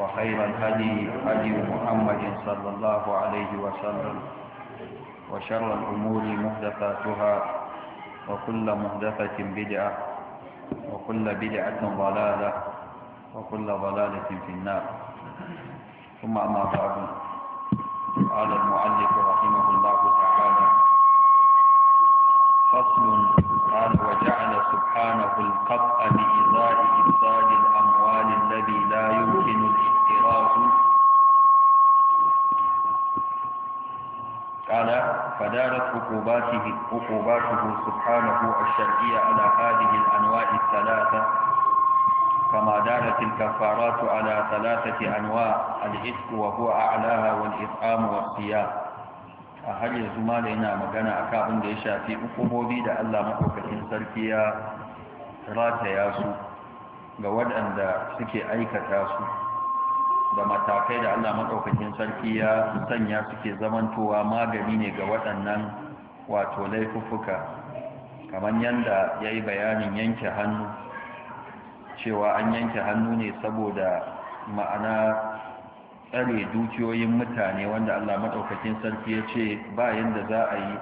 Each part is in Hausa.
وخير الهدي هدي محمد صلى الله عليه وسلم وشر الأمور محدثاتها وكل محدثة بدعة وكل بدعة ضلالة وكل ضلالة في النار ثم أما بعد قال المعلق رحمه الله تعالى فصل قال وجعل سبحانه القطع بإزاء إفساد الأموال الذي لا يمكن قال فدارت عقوباته عقوباته سبحانه الشرعية على هذه الأنواع الثلاثة كما دارت الكفارات على ثلاثة أنواع العتق وهو أعلاها والإطعام والصيام أهل يزما لنا مجانا أكابن ليشا في أقوبوبي دا الله مكوك الإنسان فيها راتياسو ga waɗanda suke aikata su da matakai da Allah maɗaukakin sarki ya sanya suke zamantowa magani ne ga waɗannan wato laifuffuka kamar yadda ya yi bayanin yanke hannu cewa an yanke hannu ne saboda ma'ana tsare dukiyoyin mutane wanda Allah maɗaukakin sarki ya ce ba yadda za a yi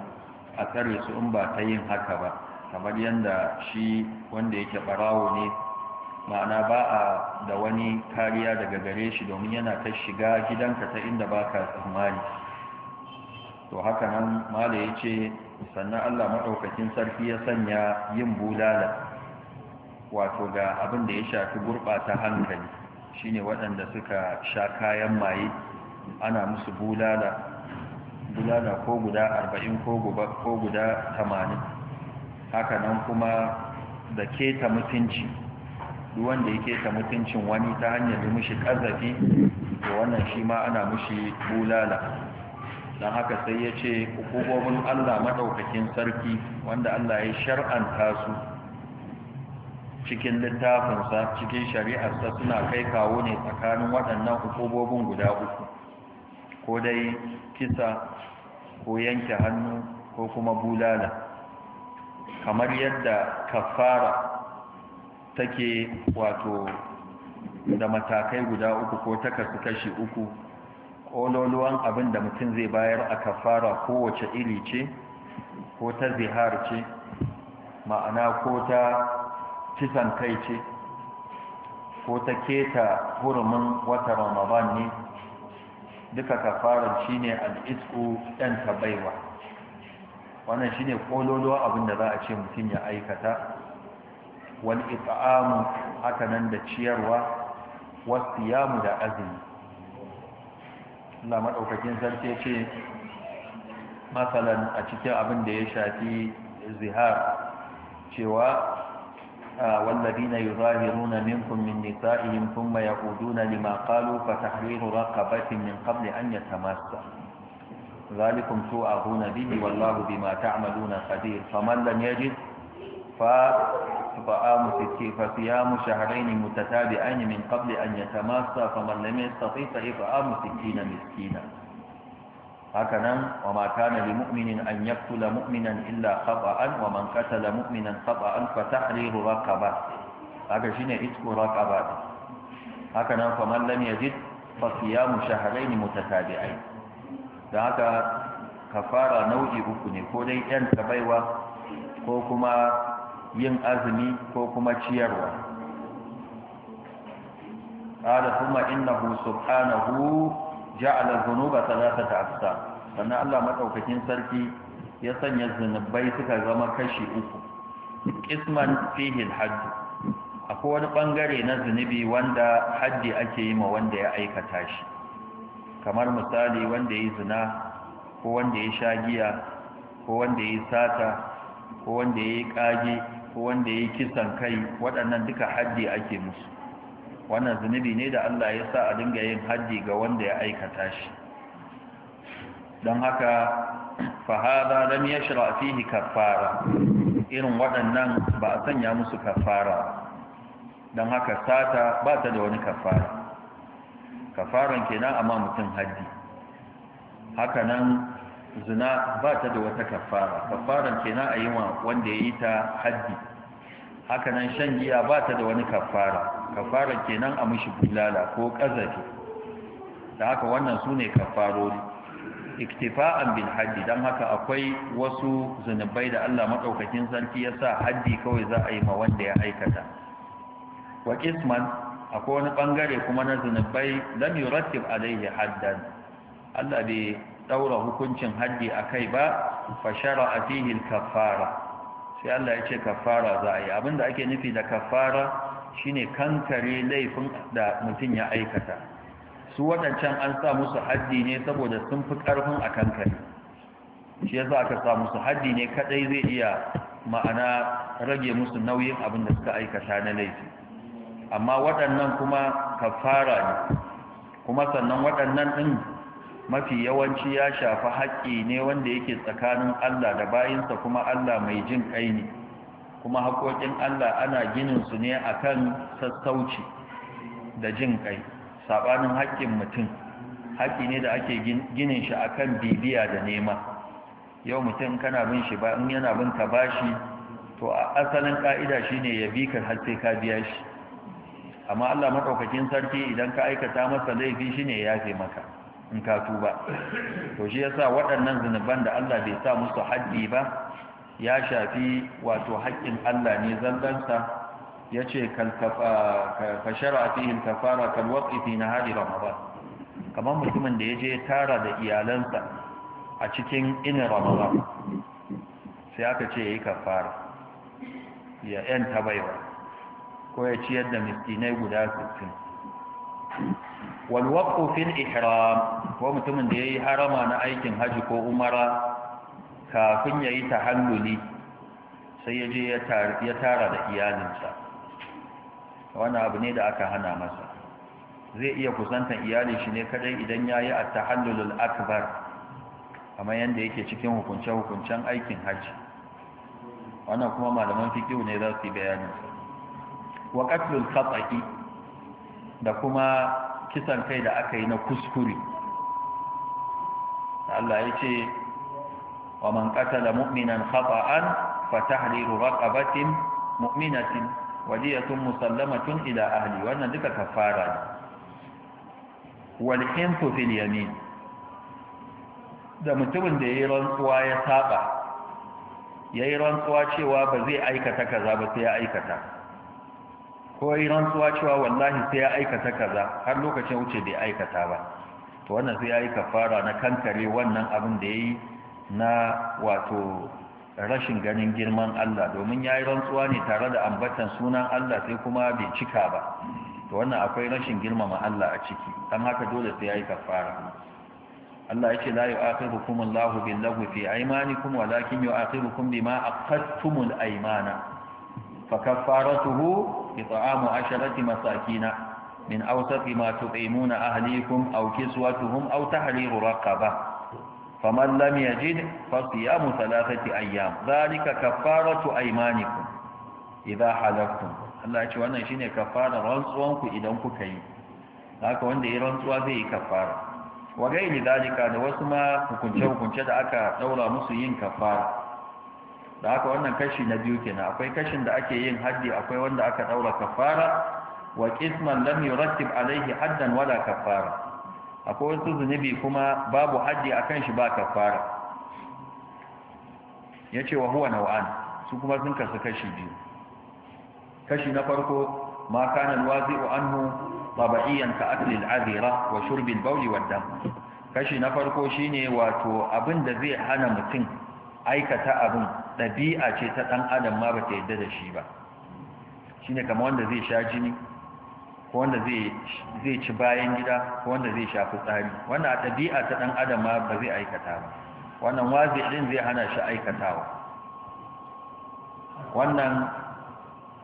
a tsare su in ba ta yin haka ba kamar yadda shi wanda yake ɓarawo ne ma'ana ba a da wani kariya daga gare shi domin yana ta shiga gidanka ta inda ba ka tsammani to haka nan mala ya ce sannan allah maɗaukakin sarki ya sanya yin bulala wato ga abin da ya shafi gurɓata hankali shine waɗanda suka sha kayan maye ana musu bulala bulala ko guda 40 ko guda 80 haka nan kuma da keta mutunci duk wanda yake ta mutuncin wani ta hanyar da mushi ƙazafi to wannan shi ma ana mushi bulala don haka sai ya ce hukumomin allah maɗaukakin sarki wanda allah ya shar'anta su cikin littafinsa cikin shari'arsa suna kai kawo ne tsakanin waɗannan hukumomin guda uku ko dai kisa ko yanke hannu ko kuma bulala kamar yadda kafara take wato da matakai guda uku ko takasu kashi uku ƙololuwan abin da mutum zai bayar a kafara kowace iri ce ko ta zihar ce ma'ana ko ta cisan kai ce ko ta keta hurumin wata ramadan ne duka kafarar shi ne al'isku ɗan baiwa wannan shi ne ƙololuwan abin da za a ce mutum ya aikata wal’ita’amu haka nan da ciyarwa wasu mu da azumi. Allah maɗaukakin zarce ce, matsalan a cikin abin da ya shafi zihar cewa wallabi na yi zahiru na ninkun min nisa’ihin kun mai yahudu na liman kalu ka ta hariru raka bakin min kabli an yata masta. Zalikun su a hunabi, wallahu bi mata amaluna kadir, famallan yajin fa فآم ستين فصيام شهرين متتابعين من قبل أن يتماسى فمن لم يستطيع فإطعام ستين مسكينا هكذا وما كان لمؤمن أن يقتل مؤمنا إلا خطأ ومن قتل مؤمنا خطأ فتحرير رقبة هكذا شنو إتك رقبة هكذا فمن لم يجد فصيام شهرين متتابعين هكذا كفارة نوعي أكني كولي أنت بيوة ko kuma yin azumi ko kuma ciyarwa Kada kuma innahu subhanahu ja'ala dhunuba thalathata aqsam sannan Allah madaukakin sarki ya sanya zunubai suka zama kashi uku qisman fihi alhajj akwai wani bangare na zunubi wanda haddi ake yi ma wanda ya aikata shi kamar misali wanda ya zina ko wanda ya sha giya ko wanda ya sata ko wanda ya yi kage ko wanda ya yi kisan kai waɗannan duka haddi ake musu wannan zunubi ne da Allah ya sa a dinga yin haddi ga wanda ya aikata shi don haka ya lam a fihi kafara, irin waɗannan ba a sanya musu kafara, don haka sata ba ta da wani kafara, kafaran kenan amma mutum haddi haka nan zina ba ta da wata kafara kafaran kenan a yi wanda ya yi ta haddi hakanan shan giya ba ta da wani kafara kafaran kenan a mishi bulala ko ƙazafi da haka wannan su ne kafarori iktifa'an bin haddi don haka akwai wasu zunubai da Allah maɗaukakin sarki ya sa haddi kawai za a yi ma wanda ya aikata wa isman akwai wani ɓangare kuma na zunubai don lam yurattab alaihi haddan Allah bai daura hukuncin haddi kai ba fashara a fihil kafara sai Allah ya ce kafara za a yi abinda ake nufi da kafara shine kankare laifin da mutum ya aikata su waɗancan an sa musu haddi ne saboda sun fi ƙarfin a kankare shi yasa aka sa musu haddi ne kaɗai zai iya ma'ana rage musu nauyin abin da suka aikata na laifi amma waɗannan kuma kafara ne kuma sannan waɗannan ɗin mafi yawanci ya shafi haƙƙi ne wanda yake tsakanin Allah da bayinsa kuma Allah mai jin ƙai ne kuma haƙoƙin Allah ana ginin su ne akan sassauci da jin kai sabanin haƙƙin mutum haƙƙi ne da ake ginin shi akan bibiya da nema yau mutum kana bin shi ba in yana bin ka bashi to a asalin ka'ida shine ya bi ka har sai ka biya shi amma Allah madaukakin sarki idan ka aikata masa laifi shine ya yafe maka in ka tuba to shi yasa waɗannan zunuban da Allah bai sa musu haddi ba ya shafi wato haƙƙin Allah ne zallansa yace ce fa shar'a fihi kafara kal waqi fi nahari ramadan kamar mutumin da yaje tara da iyalansa a cikin inin ramadan sai aka ce yayi kafara ya yan tabaiwa ko ya ciyar da miskinai guda 60 walwaƙo fil ihram ko mutumin da ya yi harama na aikin hajji ko umara kafin ya yi tahalluli sai ya je ya tara da iyalinsa wani abu ne da aka hana masa zai iya kusantar iyalin shi ne kadai idan ya yi a tahallulul akbar kamar yadda yake cikin hukunce-hukuncen aikin hajji wannan kuma malaman fikiyu ne za su yi bayaninsa wa katlul da kuma kisan kai da aka yi na kuskure Allah ya ce wa man qatala mu'minan khata'an fa tahriru raqabatin mu'minatin wadiyatun musallamatun ila ahli wannan duka kafara ne wal hinfu fil yamin da mutumin da yayi rantsuwa ya saba yayi rantsuwa cewa ba zai aikata kaza ba sai ya aikata ko rantsuwa cewa wallahi sai ya aikata kaza har lokacin wuce bai aikata ba to wannan sai ya yi kafara na kankare wannan abin da ya yi na wato rashin ganin girman Allah domin ya yi rantsuwa ne tare da ambatan sunan Allah sai kuma bai cika ba to wannan akwai rashin girmama Allah a ciki don haka dole sai ya yi kafara Allah yake la yu'akhirukum Allahu bil-lagwi fi aymanikum walakin yu'akhirukum bima aqadtumul aymana فكفارته إطعام عشرة مساكين من أوسط ما تطعمون أهليكم أو كسوتهم أو تحرير رقبة فمن لم يجد فصيام ثلاثة أيام ذلك كفارة أيمانكم إذا حلفتم Allah ya ce wannan shine kafara rantsuwanku idan kuka yi haka wanda ya rantsuwa zai yi kafara wa gairi dalika da wasu ma hukunce hukunce da aka daura musu yin kafara da haka wannan kashi na biyu kenan akwai kashin da ake yin haddi akwai wanda aka daura kafara wa qisman lam yurattib alaihi haddan wala kafara akwai wasu zunubi kuma babu haddi akan shi ba kafara yace wa huwa naw'an su kuma sun kasu kashi biyu kashi na farko ma kana alwazi'u anhu tabi'iyan ka akli al'azira wa shurbi al-bawl wad-dam kashi na farko shine wato abin da zai hana mutum aikata abin ɗabi'a ce ta ɗan adam ma ba ta yadda da shi ba shi ne kama wanda zai sha jini ko wanda zai ci bayan gida ko wanda zai sha fitsari wanda a ɗabi'a ta ɗan adam ma ba zai aikata ba wannan wazi ɗin zai hana shi aikatawa wannan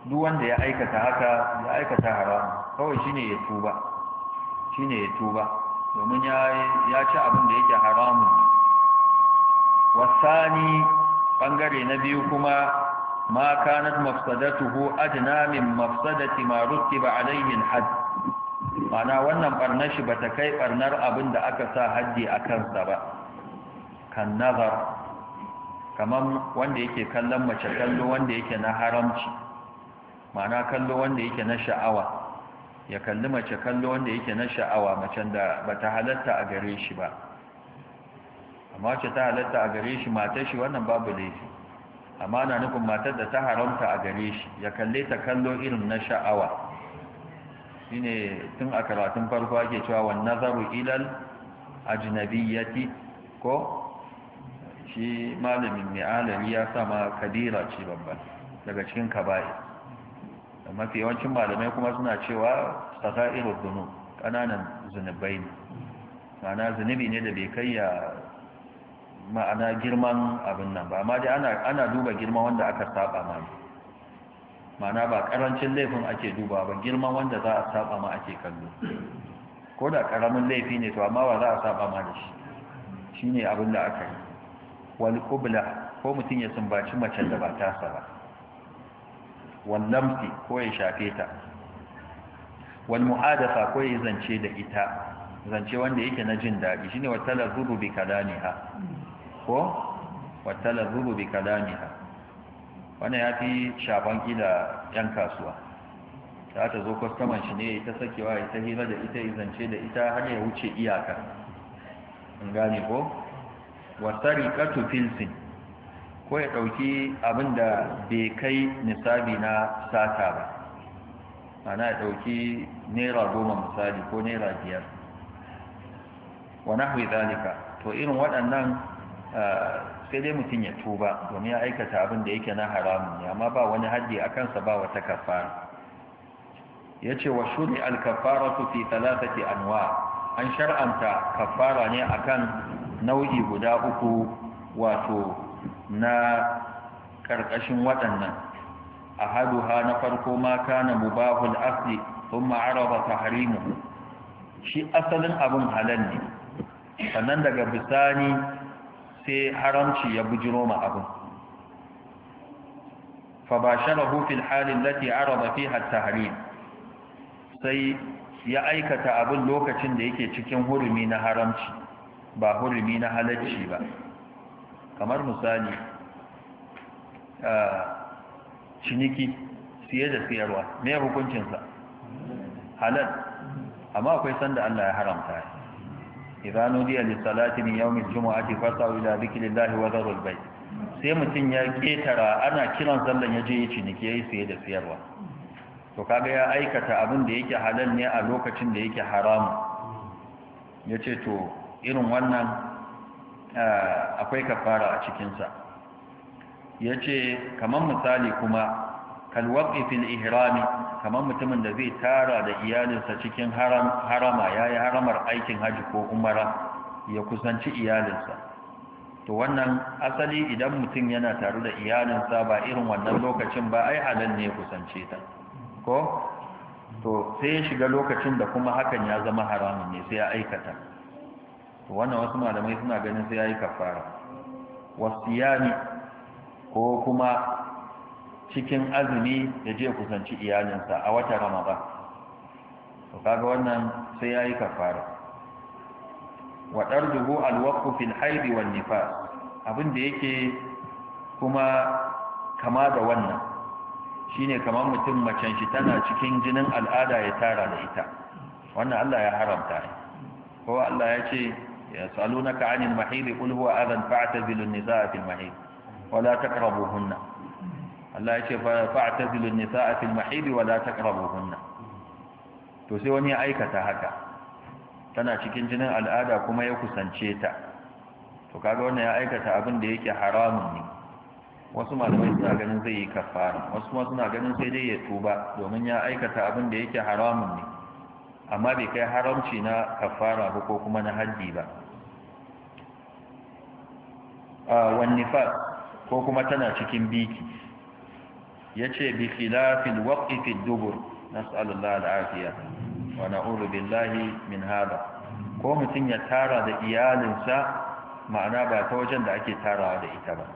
duk wanda ya aikata haka ya aikata haramu kawai shi ne ya tuba shi ne ya tuba domin ya ci abin da yake haramun wasani bangare na biyu kuma ma kanat mafsadatuhu adna min mafsadati ma rutiba alayhi alhad mana wannan barnar shi bata kai barnar abin da aka sa haddi a kansa ba kan nazar kaman wanda yake kallon mace kallo wanda yake na haramci mana kallo wanda yake na sha'awa ya kalli mace kallo wanda yake na sha'awa macen da bata halatta a gare shi ba amma ce ta halatta a gare shi mata shi wannan babu laifi amma na nufin matar da ta haramta a gare shi ya kalle ta kallo irin na sha'awa shine tun a karatun farko ake cewa wa nazaru ilal ajnabiyyati ko shi malamin mai alari ya sama kabira ce babban daga cikin kaba'i mafi yawancin malamai kuma suna cewa irin dunu ƙananan zunubai ne mana zunubi ne da bai kai ya ma'ana girman abin nan ba amma dai ana duba girman wanda aka saba ma ma'ana ba karancin laifin ake duba ba girman wanda za a saba ma ake kallo ko da karamin laifi ne to amma ba za a saba ma da shi shi ne abin da aka yi wal kubla ko mutum ya sumbaci mace da ba tasa ba wannan ko ya shafe ta wal mu'adafa ko ya zance da ita zance wanda yake na jin daɗi shine wa talazuru bi kalaniha ko watala zubu bi kalamiha wannan ya fi shafan kila yan kasuwa za ta zo kwastaman shi ne ta sakewa ya ta hira da ita izance da ita har ya wuce iyaka in gane ko wasari katu filsin ko ya ɗauki abin da bai kai nisabi na sata ba ana ya ɗauki naira goma misali ko naira biyar wa nahu zalika to irin waɗannan Eh, sai dai mutum ya tuba domin ya aikata abin da yake na haramun ne amma ba wani haddi a kansa ba wata kafara ya ce wa shuri alkafara su fi talatati anwa an shar'anta kafara ne a kan nau'i guda uku wato na ƙarƙashin waɗannan a ha na farko ma kana mubahul asli sun ma'araba harimu shi asalin abin halal ne sannan daga bisani sai haramci ya bujiro ma abin fa basharahu fil halin lati arada fiha hatta tahrim sai ya aikata abin lokacin da yake cikin hurumi na haramci ba hurumi na halacci ba kamar misali ciniki siye da siyarwa me hukuncinsa halal amma akwai sanda Allah ya haramta idza nudiya li salati min yawm al-jum'ati ila dhikrillahi wa dharul bayt sai mutun ya ketara ana kiran sallan ya je ya ciniki yayi sai da siyarwa to kaga ya aikata abin da yake halal ne a lokacin da yake haramu yace to irin wannan akwai kafara a cikin sa yace kamar misali kuma kalwaƙi fil ihrami kamar mutumin da zai tara da iyalinsa cikin harama ya yi haramar aikin haji ko umara ya kusanci iyalinsa to wannan asali idan mutum yana tare da iyalinsa ba irin wannan lokacin ba ai halal ne kusance ta ko to sai ya shiga lokacin da kuma hakan ya zama haramun ne sai ya aikata to wannan wasu malamai suna ganin sai ya yi kafara wasiyami ko kuma cikin azumi ya je kusanci iyalinsa a wata ramadan to kaga wannan sai yayi kafara wa darduhu alwaqfu fil haidi wan nifas abin da yake kuma kama da wannan shine kamar mutum macen shi tana cikin jinin al'ada ya tara da ita wannan Allah ya haramta ko Allah ya ce yasalunaka anil mahidi qul huwa adhan fa'tazilun nisaa fil mahid wala taqrabuhunna Allah ya ce fa'tazilu an-nisaa fil mahidi wa la taqrabuhunna to sai wani ya aikata haka tana cikin jinin al'ada kuma ya kusance ta to kaga wannan ya aikata abin da yake haramun ne wasu malamai suna ganin zai yi kafara wasu kuma suna ganin sai dai ya tuba domin ya aikata abin da yake haramun ne amma bai kai haramci na kafara ba ko kuma na haddi ba a ah, fa ko kuma tana cikin biki yace bi khilafil waqti fi dubur nas'alullah al'afiya wa na'udhu billahi min haɗa. ko mutum ya tara da iyalinsa ma'ana ba ta wajen da ake tarawa da ita ba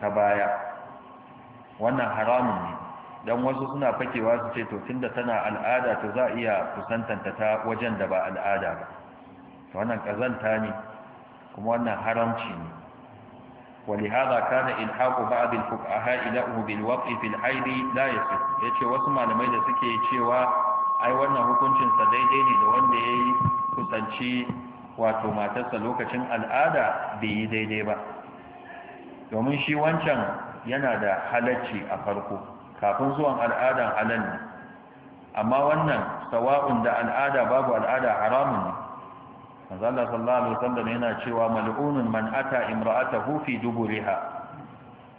ta baya wannan haramun ne dan wasu suna fakewa su ce to tunda tana al'ada to za iya kusantanta ta wajen da ba al'ada ba to wannan kazanta ne kuma wannan haramci ne ولهذا كان إلحاق بعض الفقهاء له بالوقع في الحيض لا يصح yace wasu malamai da suke cewa ai wannan hukuncin sa daidai ne da wanda yayi kusanci wato matarsa lokacin al'ada bai yi daidai ba domin shi wancan yana da halacci a farko kafin zuwan al'adan halal ne amma wannan sawa'un da al'ada babu al'ada haramun ne manzo sallallahu alaihi wasallam yana cewa mal'unun man ata imra'atahu fi duburiha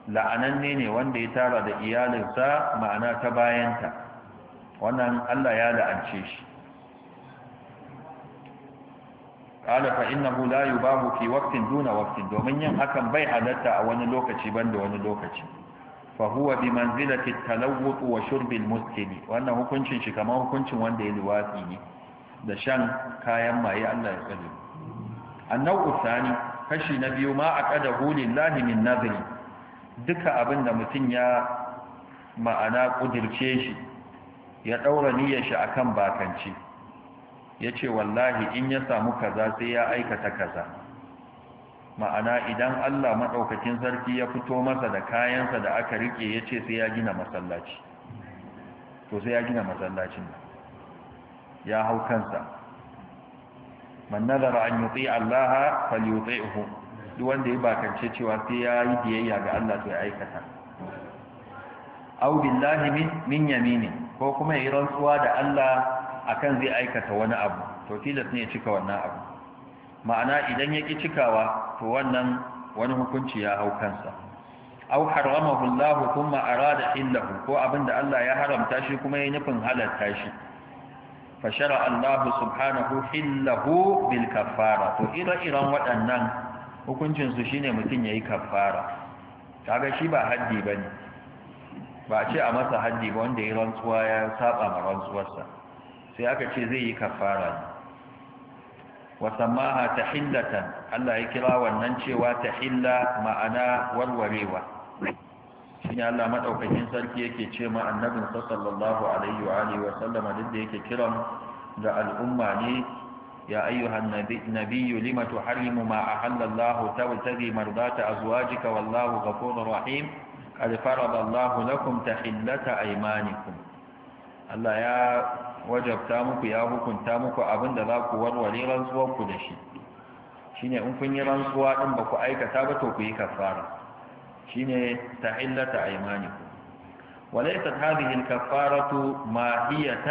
la'ananne ne wanda ya tara da iyalinsa ma'ana ta bayanta wannan Allah ya la'ance shi qala fa innahu la yubahu fi waqtin duna waqtin domin yin hakan bai halatta a wani lokaci banda wani lokaci fa huwa bi manzilati at wa shurbil muskini. muskili wannan hukuncin shi kamar hukuncin wanda ya liwatsi ne da shan kayan maye Allah ya tsare annau usani kashi na biyu ma a kada hulin min nazri duka abin da mutum ya ma'ana kudirce shi ya daura niyyar shi akan bakanci yace wallahi in ya samu kaza sai ya aikata kaza ma'ana idan Allah madaukakin sarki ya fito masa da kayansa da aka rike yace sai ya gina masallaci to sai ya gina masallacin nan ya hau kansa man nazara an yuti Allah falyuti'hu duk wanda ya bakance cewa sai ya yi biyayya ga Allah to ya aikata aw billahi min min yamini ko kuma ya yi rantsuwa da Allah akan zai aikata wani abu to tilas ne ya cika wannan abu ma'ana idan ya cikawa to wannan wani hukunci ya hau kansa aw haramahu Allah kuma arada illahu ko abinda Allah ya haramta shi kuma ya nufin halarta shi fashara Allah subhanahu hillahu bil kaffara to ire-iren waɗannan hukuncinsu shine mutum ya yi kaffara kaga shi ba haddi ba ne ba ce a masa haddi ba wanda ya rantsuwa ya saba ma rantsuwarsa sai aka ce zai yi kaffara Wasan maha ta hillatan Allah ya kira wannan cewa ta hilla ma'ana warwarewa shine Allah madaukakin sarki yake ce ma annabin sallallahu alaihi wa alihi wa sallama duk da yake kiran ga al'umma ne ya ayyuhan nabiyyu lima tuharrimu ma ahallallahu tabtaghi mardata azwajika wallahu ghafurur rahim qad faradallahu lakum tahillata aymanikum Allah ya wajabta muku ya hukunta muku abinda za ku warware rantsuwar ku da shi shine in kun yi rantsuwa din ba ku aikata ba to ku yi kafara shine tahillata aymanikum mahiyatan هذه الكفارة ماهية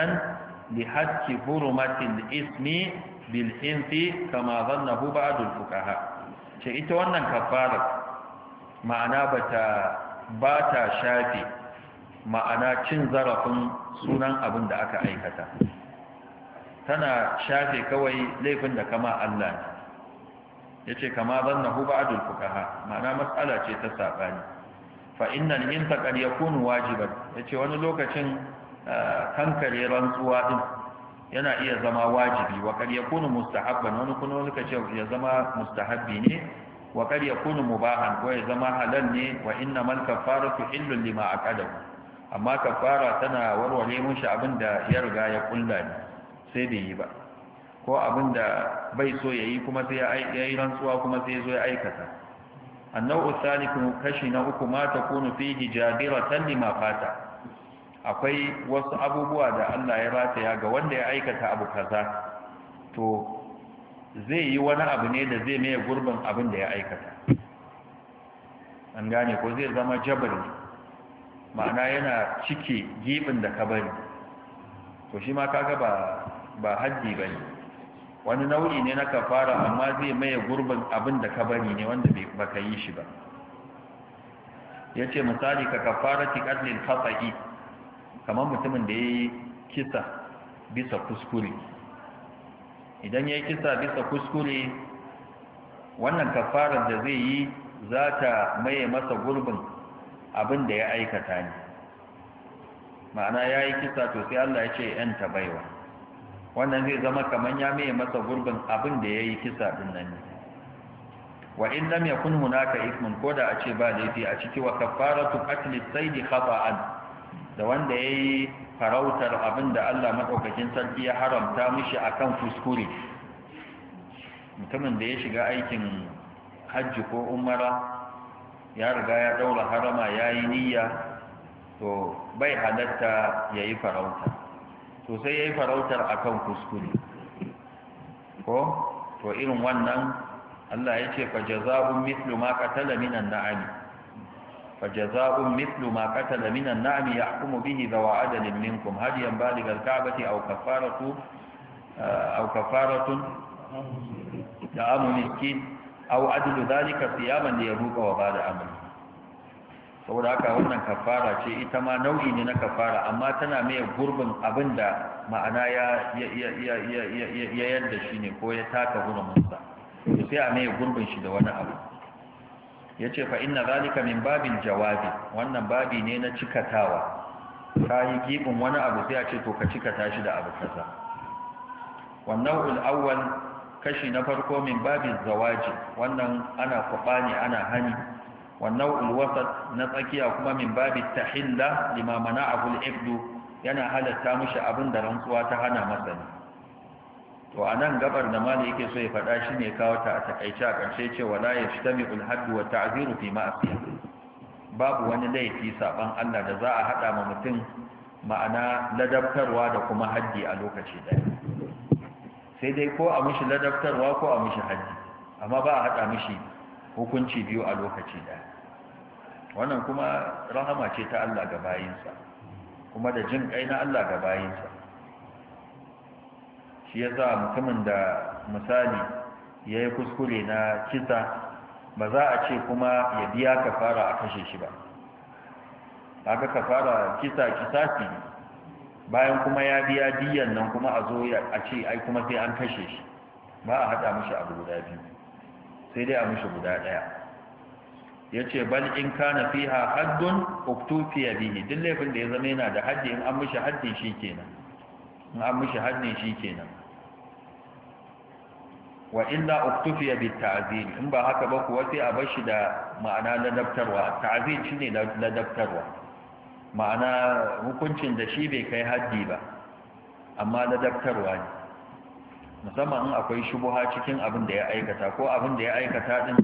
لحج حرمة الإثم بالحنث كما ظنه بعض ce ita wannan kafarar ma'ana bata bata shafi ma'ana cin zarafin sunan abin da aka aikata tana shafe kawai laifin da kama Allah ne yace kama zan zannahu ba'dul fukaha ma'ana matsala ce ta saɓani fa innal inta qad yakunu wajiban yace wani lokacin ah, kankare rantsuwa din yana iya zama wajibi wa qad yakunu mustahabban wani kuna wani kace ya zama mustahabbi ne wa qad yakunu mubahan ko ya zama halal ne wa innamal kafaratu illun lima aqadahu amma kafara tana warware mun shi abinda ya riga ya kulla ne sai bai yi ba ko abin da bai so ya yi kuma sai ya yi rantsuwa kuma sai ya zo ya aikata annau usani kuma kashi na uku ma ta kunu hijabira jabiratan lima fata akwai wasu abubuwa da Allah ya rataya ga wanda ya aikata abu kaza to zai yi wani abu ne da zai maye gurbin abin da ya aikata an gane ko zai zama jabari ma'ana yana cike gibin da ka bari to shi ma kaga ba ba haddi bane wani nau'i ne na kafara amma zai maye gurbin abin da ka bari ne wanda baka yi shi ba yace misali ka kafarati qatlil khata'i kamar mutumin da yayi kisa bisa kuskure idan yayi kisa bisa kuskure wannan kafarar da zai yi za ta maye masa gurbin abin da ya aikata ne ma'ana yayi kisa to sai Allah ya ce yan ta baiwa wannan zai zama kamar ya mai masa gurbin abin da ya yi kisa din nan ne wa in lam yakun hunaka ismun koda a ce ba laifi a ciki wa kafaratu qatli sayd khata'an da wanda yayi farautar abin da Allah madaukakin sarki ya haramta mishi akan kuskure mutumin da ya shiga aikin hajji ko umara ya riga ya daura harama yayi niyya to bai halatta yayi farauta to sai ya yi farautar a kan kuskure ko to irin wannan Allah ya ce fa jaza'un mislu ma qatala minan na'ami fa jaza'un mislu ma qatala minan na'ami ya kuma bihi dawa adalin minkum hadiyan baligh al-ka'bati aw kafaratu aw kafaratun da'amu miskin aw adlu dhalika ya liyadhuqa wa ba'da amri saboda haka wannan kafara ce ita ma nau'i ne na kafara amma tana mai gurbin abin da ma'ana ya yadda shi ne ko ya taka hurumunsa to sai a mai gurbin shi da wani abu ya ce fa inna zalika min babin jawabi wannan babi ne na cikatawa ta yi gibin wani abu sai a ce to ka cikata shi da abu kaza wannan ul'awwal kashi na farko min babin zawaji wannan ana kwaɓa ne ana hani wannan ulwasat na tsakiya kuma min babi tahilla lima mana al-ibdu yana halatta mushi abin da rantsuwa ta hana masa ne to nan gabar da mali yake so ya faɗa shi ne kawo ta a takaice a ƙarshe ce wala yashtami'u mai hadd wa ta'ziru fi ma'asiya babu wani laifi saban Allah da za a haɗa ma mutum ma'ana ladabtarwa da kuma haddi a lokaci ɗaya sai dai ko a mishi ladabtarwa ko a mishi haddi amma ba a haɗa mishi hukunci biyu a lokaci ɗaya wannan kuma rahama ce ta Allah ga bayinsa kuma da jin kai na Allah ga bayinsa shi ya za mutumin da misali ya yi kuskure na kisa ba za a ce kuma ya biya ka fara a kashe shi ba haka fara kisa kisa ne bayan kuma ya biya diyan nan kuma a zo a ce ai kuma sai an kashe shi ba a haɗa mashi abu guda biyu sai dai a mishi guda ɗaya ya ce bal in kana fiha haddun uktufiya bihi duk laifin da ya zama yana da haddi in an mishi haddin shi kenan in an mishi haddin shi kenan wa illa uktufiya bi ta'azini. in ba haka ba kuwa sai a bashi da ma'ana ladabtarwa ta'zir shine ladabtarwa ma'ana hukuncin da shi bai kai haddi ba amma ladabtarwa ne musamman in akwai shubuha cikin abin da ya aikata ko abin da ya aikata din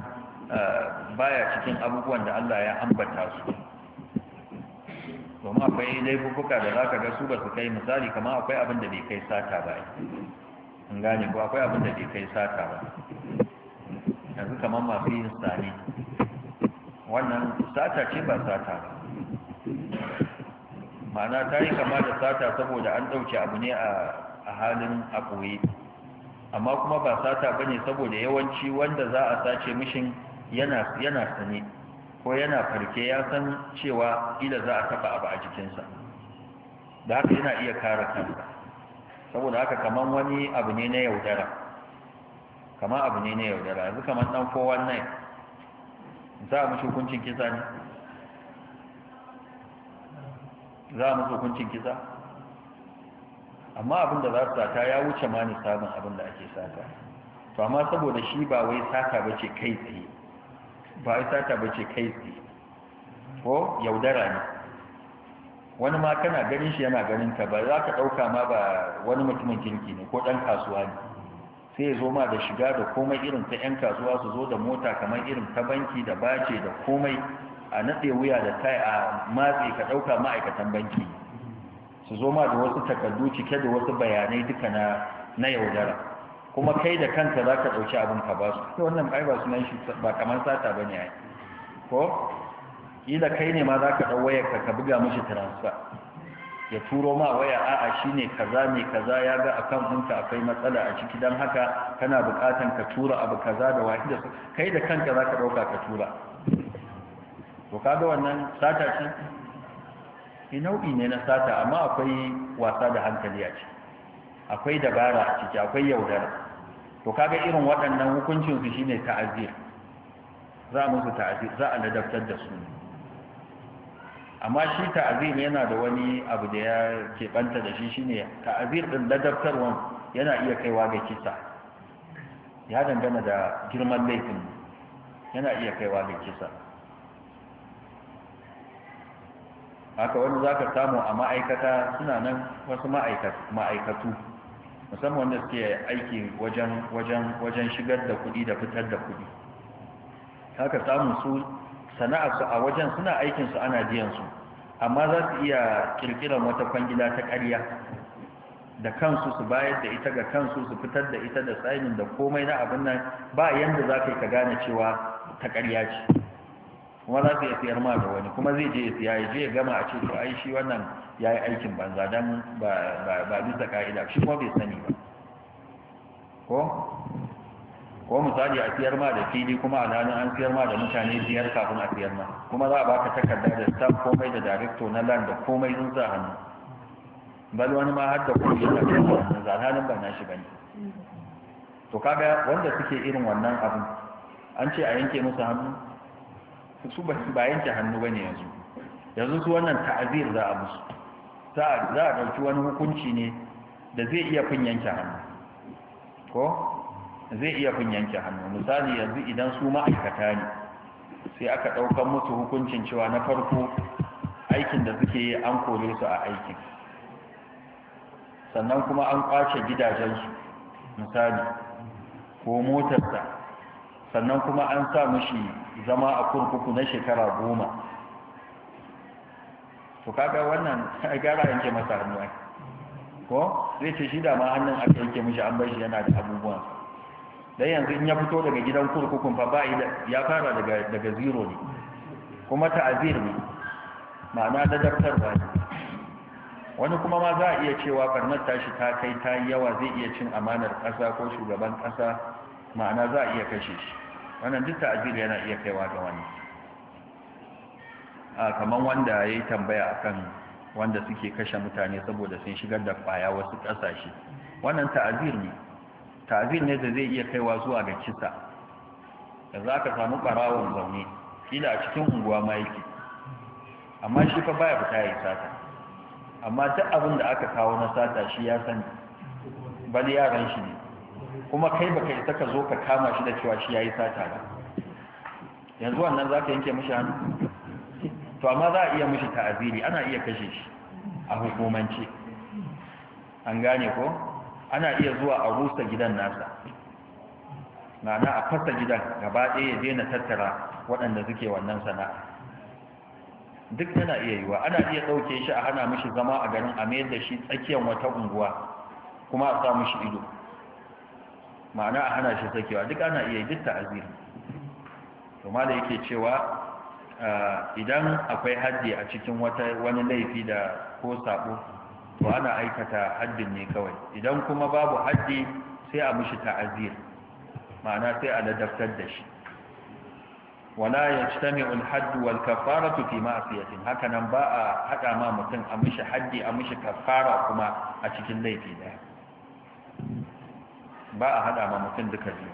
eh, baya cikin abubuwan da Allah ya ambata su domin akwai laifuka da za ka ga su ba su kai misali kama akwai abin da bai kai sata ba in gane ko akwai abin da bai kai sata ba yanzu kamar masu yin sani wannan sata ce ba sata ba ma'ana ta yi kama da sata saboda an ɗauke abu ne a halin akwai amma kuma ba sata bane saboda yawanci wanda za a sace mishin yana yana sane ko yana farke ya san cewa ila za a taba abu a jikinsa da haka yana iya kare kansa saboda haka kaman wani abu ne na yaudara kaman abu ne na yaudara yanzu kaman dan kowa nan za a mishi hukuncin kisa ne za a mishi hukuncin kisa amma abin da za su sata ya wuce ma ne sabon abin da ake sata to amma saboda shi ba wai sata ba ce kai tsaye ba wai sata ba ce kai tsaye ko yaudara ne wani ma kana ganin shi yana ganin ka ba za ka ɗauka ma ba wani mutumin kirki ne ko ɗan kasuwa ne sai ya zo ma da shiga da komai irin ta 'yan kasuwa su zo da mota kamar irin ta banki da bace da komai a natse wuya da tai a matse ka ɗauka ma'aikatan banki ne su zo ma da wasu takardu cike da wasu bayanai duka na na yaudara kuma kai da kanka za ka ɗauki abin ka ba su wannan ai ba nan shi ba kamar sata ba ne ko kila kai ne ma za ka ɗau wayar ka ka buga mishi transfer ya turo ma waya a'a shi ne kaza ne kaza ya ga akan ɗinka akwai matsala a ciki don haka kana buƙatan ka tura abu kaza da wahi da kai da kanka za ka ɗauka ka tura to kaga wannan sata ce shi nau'i ne na sata amma akwai wasa da hankali a ciki akwai dabara a ciki akwai yaudara to kaga irin waɗannan hukuncin su shine ta'azir za musu ta'azir za a ladabtar da su amma shi ta'azir yana da wani abu da ya keɓanta da shi shine ta'azir din ladabtarwan yana iya kaiwa ga kisa ya dangana da girman laifin yana iya kaiwa ga kisa haka wani za ka samu a ma'aikata suna nan wasu ma'aikatu musamman wanda suke aiki wajen shigar da kudi da fitar da kudi haka samu su sana'arsu a wajen suna aikinsu ana biyansu amma za su iya kirkiran wata kwangila ta karya da kansu su bayar da ita ga kansu su fitar da ita da tsayin da komai na abin nan ba yadda za ka yi ka gane cewa ta karya ce kuma za su iya siyar ma da wani kuma zai je ya siya ya je ya gama a ce to ai shi wannan ya yi aikin banza don ba bisa ka'ida shi kuma bai sani ba ko ko misali a siyar ma da fili kuma a ranar an siyar ma da mutane biyar kafin a siyar ma kuma za a baka takarda da staff komai da director na land da komai sun sa hannu bal wani ma har da kuma yana da wannan zalhalin ba nashi bane to kaga wanda suke irin wannan abin an ce a yanke musu hannu su ba yanke hannu ba ne yanzu yanzu su wannan ta'azir za a musu za a ɗauki wani hukunci ne da zai iya fin yanke hannu ko zai iya fin yanke hannu misali yanzu idan su ma'aikata ne sai aka ɗaukan musu hukuncin cewa na farko aikin da suke yi an kore su a aikin sannan kuma an kwace gidajensu misali ko motarsa sannan kuma an sa mushi zama a kurkuku na shekara goma to kaga wannan gara yanke masa hannuwa ko zai ce shi da ma hannun aka yanke mishi an bashi yana da abubuwan dan yanzu in ya fito daga gidan kurkukun fa bai ya fara daga daga zero ne kuma ta'azir ne ma'ana da daftar ne wani kuma ma za a iya cewa karnar tashi ta kai ta yawa zai iya cin amanar ƙasa ko shugaban ƙasa ma'ana za a iya kashe shi wannan duk ta'ajil yana iya kaiwa ga wani a kaman wanda ya yi tambaya akan wanda suke kashe mutane saboda sun shigar da kwaya wasu ƙasashe wannan ta'azir ne ne da zai iya kaiwa zuwa ga kisa da za ka samu ɓarawon zaune ila a cikin unguwa ma yake amma shi fa baya fita ya yi sata amma duk abin da aka kawo na sata shi ya sani bal yaran shi ne kuma kai baka isa ka zo ka kama shi da cewa shi ya yi sata ba yanzu wannan za ka yanke mashi hannu to amma za a iya mashi ta'aziri ana iya kashe shi a hukumance an gane ko ana iya zuwa a rusa gidan nasa ma'ana a fasa gidan gaba ɗaya ya daina tattara waɗanda suke wannan sana'a duk tana iya yiwa ana iya ɗauke shi a hana mashi zama a garin a mayar da shi tsakiyar wata unguwa kuma a sa shi ido ma'ana a hana shi sakewa duk ana iya duk ta'aziri to malai yake cewa idan akwai haddi a cikin wani laifi da ko sabo to ana aikata haddin ne kawai idan kuma babu haddi sai a mishi ta'azir ma'ana sai a ladabtar da shi wala yajtami'u al-hadd wal kafaratu fi ma'siyatin hakanan ba a haɗa ma mutum a mishi haddi a mishi kafara kuma a cikin laifi daya ba a hada ma mutum duka biyu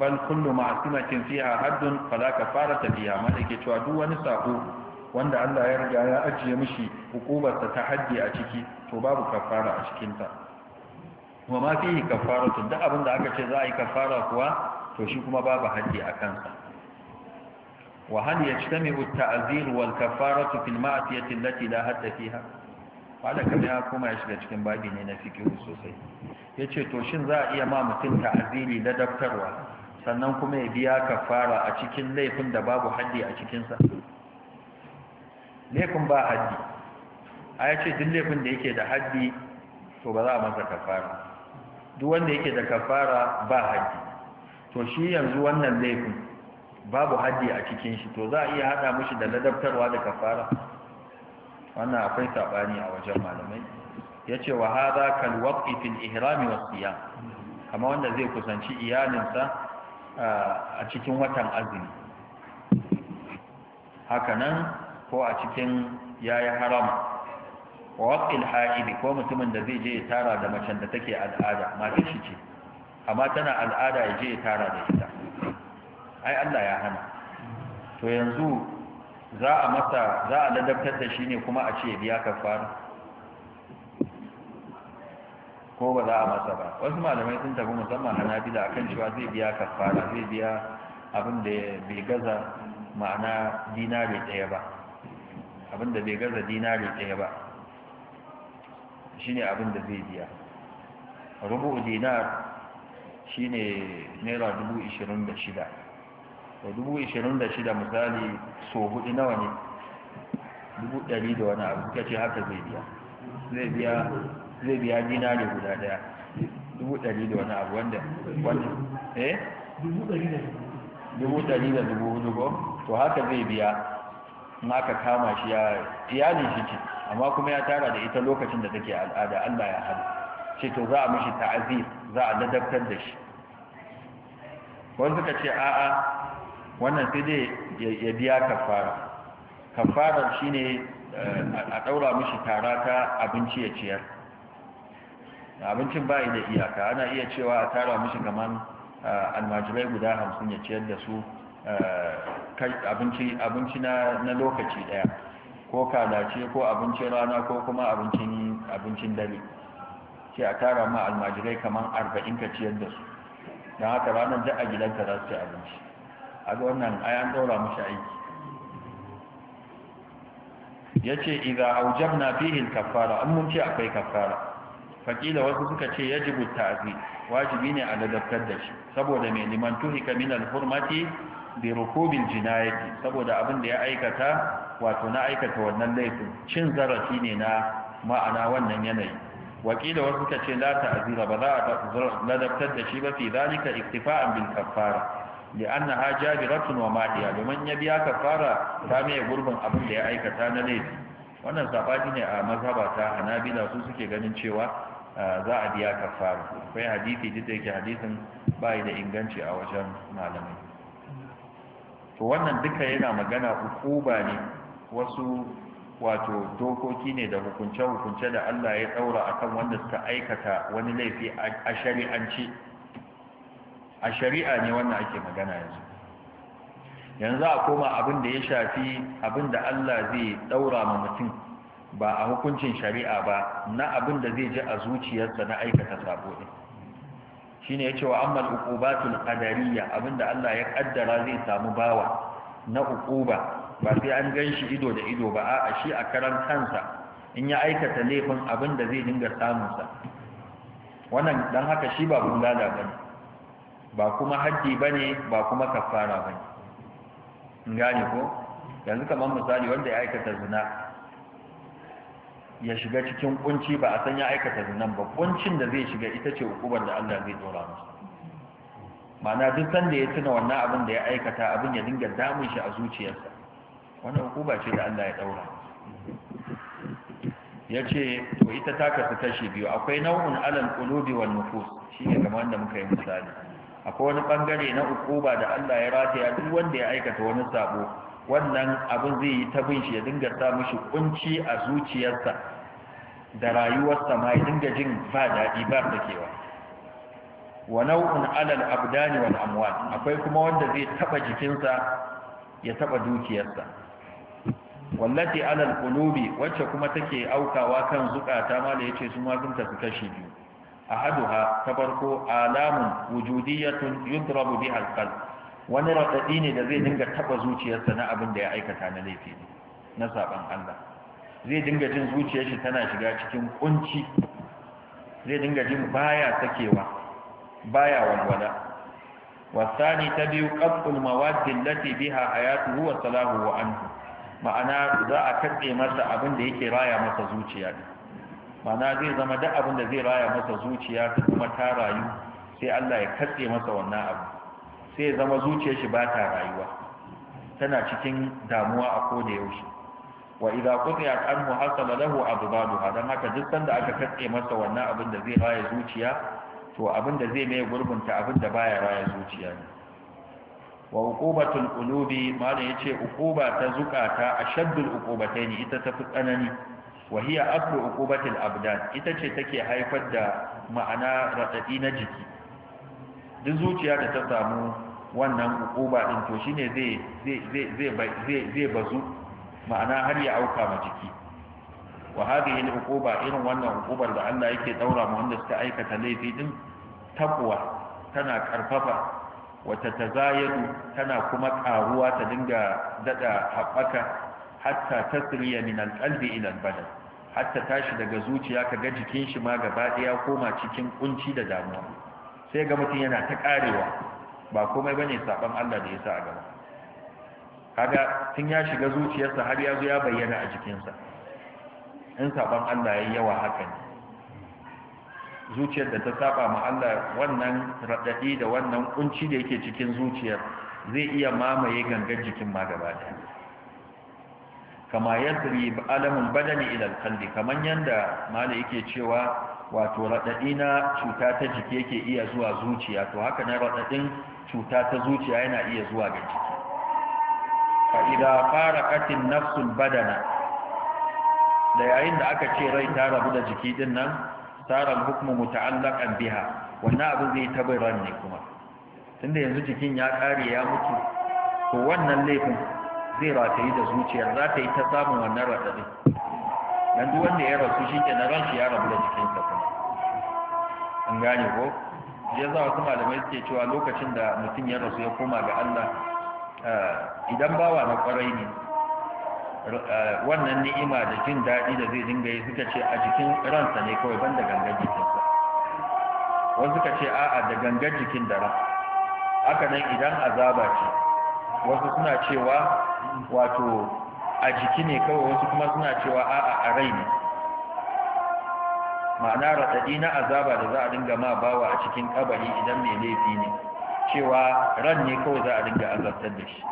bal kullu ma'asimatin fiha haddun fala ma da ke cewa duk wani sako wanda Allah ya riga ya ajiye mishi hukubarsa ta haddi a ciki to babu kafara a cikin ta wa ma fihi kafaratu duk abin da aka ce za a yi kafara kuwa to shi kuma babu haddi a kansa wa hal yajtami'u at-ta'zir wal kafaratu fil ma'siyati allati la hadda fiha wanda kamar ya koma ya shiga cikin babi ne na fikihu sosai ya ce to shin za a iya ma mutum ta'azili na daftarwa sannan kuma ya biya ka fara a cikin laifin da babu haddi a cikinsa laifin ba haddi a ya ce duk laifin da yake da haddi to ba za a masa kafara duk wanda yake da kafara ba haddi to shi yanzu wannan laifin babu haddi a cikin shi to za a iya hada mushi da ladabtarwa da kafara wannan akwai sabani a wajen malamai yace wa hadha kal waqti fil ihram was siyam kama wanda zai kusanci iyalinsa a cikin watan azumi hakanan ko a cikin yayi harama wa waqil haidi ko mutumin da zai je ya tara da macen da take al'ada mace shi ce amma tana al'ada ya je ya tara da ita ai Allah ya hana to yanzu za a masa za a ladabtar da shi ne kuma a ce biya kafara ko ba za a masa ba wasu malamai sun tafi musamman hanabila akan cewa zai biya kafara zai biya abin da bai gaza ma'ana dinari ɗaya ba abin da bai gaza dinari ɗaya ba shi ne abin da zai biya rubu dinar shi ne naira dubu ishirin da shida da dubu ishirin da shida misali so hudu nawa ne dubu ɗari da wani abu suka ce haka zai biya zai biya gina ne guda ɗaya dubu ɗari da wani abu wanda wanda eh dubu da dubu hudu ko to haka zai biya in kama shi ya iyalin shi ce amma kuma ya tara da ita lokacin da take al'ada Allah ya hada ce to za a mishi ta'azir za a ladabtar da shi wanda suka ce a'a wannan sai dai ya biya kafara kafarar shine eh, a daura mishi tara ta abinci ya ciyar abincin ba da iyaka ana iya cewa a tara mishi kaman eh, almajirai guda hamsin ya ciyar da su eh, abinci na lokaci daya ko kalace ko abincin rana ko kuma abincin dare sai a tara ma almajirai kaman arba'in ka ciyar da su don haka ranar da a gidanta za su ci abinci a ga wannan ai an daura mashi aiki ya ce iza na fihin kafara an mun ce akwai kafara fakila wasu suka ce ya jibu tazi wajibi ne a ladabtar da shi saboda mai liman tuhika min alhurmati bi rukubil jinayati saboda abin da ya aikata wato na aikata wannan laifin cin zarafi ne na ma'ana wannan yanayi wakila wasu suka ce la ta'zira ba za a ladabtar da shi ba fi zalika iktifa'an bil kafara da an na haja biratun wa maɗiya, domin ya biya ka ta mai gurbin abin da ya aikata na laifi wannan safaji ne a mazhaba ta hanabila su suke ganin cewa za a biya ka kafara akwai hadisi duk da yake hadisin bai da inganci a wajen malamai to wannan duka yana magana hukuba ne wasu wato dokoki ne da hukunce-hukunce da Allah ya daura akan wanda suka aikata wani laifi a shari'anci a shari'a ne wannan ake magana yanzu yanzu a koma abin da ya shafi abin da Allah zai daura ma mutum ba a hukuncin shari'a ba na abin da zai ji a zuciyarsa na aikata sabo din shine yace wa ammal uqubatul qadariyya da Allah ya kaddara zai samu bawa na uquba ba sai an ganshi ido da ido ba a'a shi a karan kansa in ya aikata laifin abin da zai dinga samunsa wannan dan haka shi ba da bane ba kuma ba bane ba kuma kafara ne. in gane ko yanzu kamar misali wanda ya aikata zina ya shiga cikin kunci ba a san ya aikata zinan ba kuncin da zai shiga ita ce hukumar da Allah zai dora masa ma'ana duk sanda ya tuna wannan abin da ya aikata abin ya dinga damun shi a zuciyarsa wannan hukuma ce da Allah ya daura ya ce to ita ta kasu kashi biyu akwai nau'un alal qulubi wal nufus shine kamar wanda muka yi misali akwai wani bangare na ba da Allah ya rataya duk wanda ya aikata wani sabo wannan abin zai yi ta bin shi ya dinga sa mishi kunci a zuciyarsa da rayuwarsa ma ya dinga jin ba daɗi ba sakewa wa nau'un alal abdani wal amwal akwai kuma wanda zai taba jikinsa ya taba dukiyarsa wallati alal qulubi wacce kuma take aukawa kan zukata ma da yace su ma sun tafi kashi biyu ahaduha ta farko alamun wujudiyatun yudrabu biha alqalb wani radadi ne da zai dinga taɓa zuciyarsa na abin da ya aikata na laifi ne na saban Allah zai dinga jin zuciyar shi tana shiga cikin ƙunci. zai dinga jin baya sakewa baya walwala wasani ta biyu qatl mawad allati biha hayatuhu wa salahu wa anhu ma'ana za a katse masa abin da yake raya masa zuciya ne mana zai zama duk abin da zai raya masa zuciya ta kuma ta rayu sai Allah ya katse masa wannan abu sai ya zama zuciyar shi ba ta rayuwa tana cikin damuwa a koda yaushe wa idza qutiyat anhu hasala lahu abdaduha dan haka duk sanda aka katse masa wannan abin da zai raya zuciya to abin da zai mai gurbinta abin da baya raya zuciya ne wa uqubatul qulubi malam yace uquba ta zukata ashaddul uqubataini ita ta fi tsanani wahiya aklu uqubatil abdan ita ce take haifar da ma'ana radadi na jiki duk zuciya da ta samu wannan uquba din to shine zai zai bazu ma'ana har ya auka ma jiki wa hadhihi al-uquba irin wannan uqubar da Allah yake daura mu wanda suka aikata laifi din taqwa tana karfafa wa tatazayadu tana kuma ƙaruwa ta dinga daɗa haɓaka hatta tasriya min alqalbi ila albadan hatta tashi daga zuciya kaga jikin shi ma gaba daya koma cikin kunci da damuwa sai ga mutum yana ta karewa ba komai bane saban Allah da yasa a gaba kaga tun ya shiga zuciyarsa har ya zo ya bayyana a jikinsa in saban Allah yayi yawa haka ne zuciyar da ta saba ma Allah wannan radadi da wannan kunci da yake cikin zuciyar zai iya mamaye gangan jikin ma gaba daya kama yadri alamun badani ila kalli, kaman yanda malai yake cewa wato raɗaɗi na cuta ta jiki yake iya zuwa zuciya to haka ne raɗaɗin cuta ta zuciya yana iya zuwa ga jiki fa fara katin nafsul badana da yayin da aka ce rai ta rabu da jiki din nan sara hukmu muta'allaqan biha wannan abu zai ran ne kuma tunda yanzu jikin ya kare ya mutu to wannan laifin zai ratayi da zuciyar za ta yi ta samun wannan raɗaɗi Yanzu duk wanda ya rasu shi ke na ranshi ya rabu da jikinsa kuma an gane ko ya za wasu malamai suke cewa lokacin da mutum ya rasu ya koma ga Allah eh, idan bawa na kwarai ne eh, wannan ni'ima da jin daɗi da zai dinga yi suka ce a jikin ransa ne kawai banda gangan jikinsa wasu suka ce a'a da gangan jikin da ran haka nan idan azaba ce wasu suna cewa wato a jiki ne kawai wasu kuma suna cewa a'a a rai ne ma'ana raɗaɗi na azaba da za a dinga ma bawa a cikin kabari idan mai laifi ne cewa ran ne kawai za a dinga azabtar da shi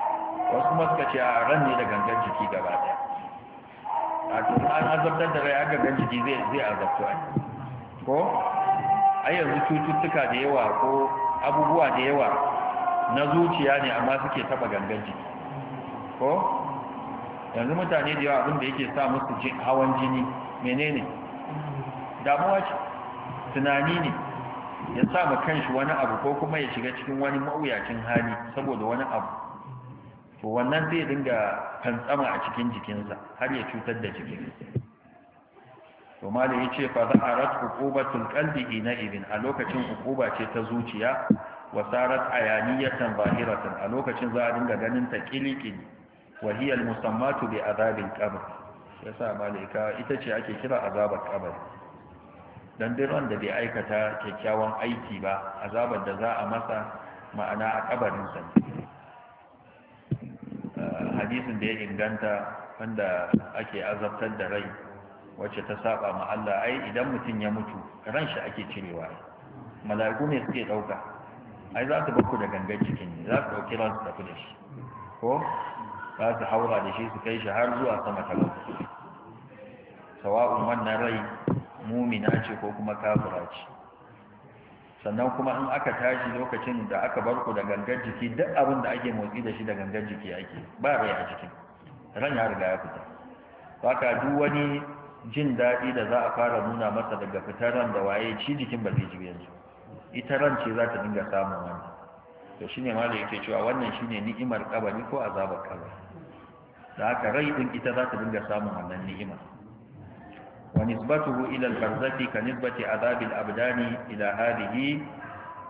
wasu kuma suka ce a ran ne da gangan jiki gaba ɗaya a tun an azabtar da rai a gangan jiki zai azabtu a ko a yanzu cututtuka da yawa ko abubuwa da yawa na zuciya ne amma suke taɓa gangan jiki ko yanzu mutane da yawa abin da yake sa musu hawan jini menene damuwa ce tunani ne ya sa ma kanshi wani abu ko kuma ya shiga cikin wani mawuyacin hali saboda wani abu to wannan zai dinga kantsama a cikin jikinsa har ya cutar da jikin to malai ya ce fa za a rat hukubatul qalbi na irin a lokacin hukuba ce ta zuciya wasarat ayaniyar zahiratan a lokacin za a dinga ganin ta kilikili wahiyar musammatu bi azabin kabar ya sa malaika ita ce ake kira azabar kabar don da bai aikata kyakkyawan aiki ba azabar da za a masa ma'ana a sa eh, hadisin da ya inganta wanda ake azabtar da rai wacce ta saba ma Allah ai idan mutum ya mutu ran shi ake cirewa mala'iku ne suke dauka ai za su bakku da gangan cikin ne za su dauki su da shi ko za su haura da shi su kai shi har zuwa sama ta bakwai sawa'un wannan rai mumina ce ko kuma kafura ce sannan kuma in aka tashi lokacin da aka bar ku da gangar jiki duk abin da ake motsi da shi da gangar jiki ake ba rai a jikin. ran ya riga ya fita haka duk wani jin daɗi da za a fara nuna masa daga fitar ran da waye shi jikin ba zai ji yanzu ita ran ce za ta dinga samun wani to shine ma da yake cewa wannan shine ni'imar kabari ko azabar kabari da haka rai ɗin ita za ta dinga samun wannan ni'ima wa nisbatuhu ila al-barzati ka nisbati azabil abdani ila hadhihi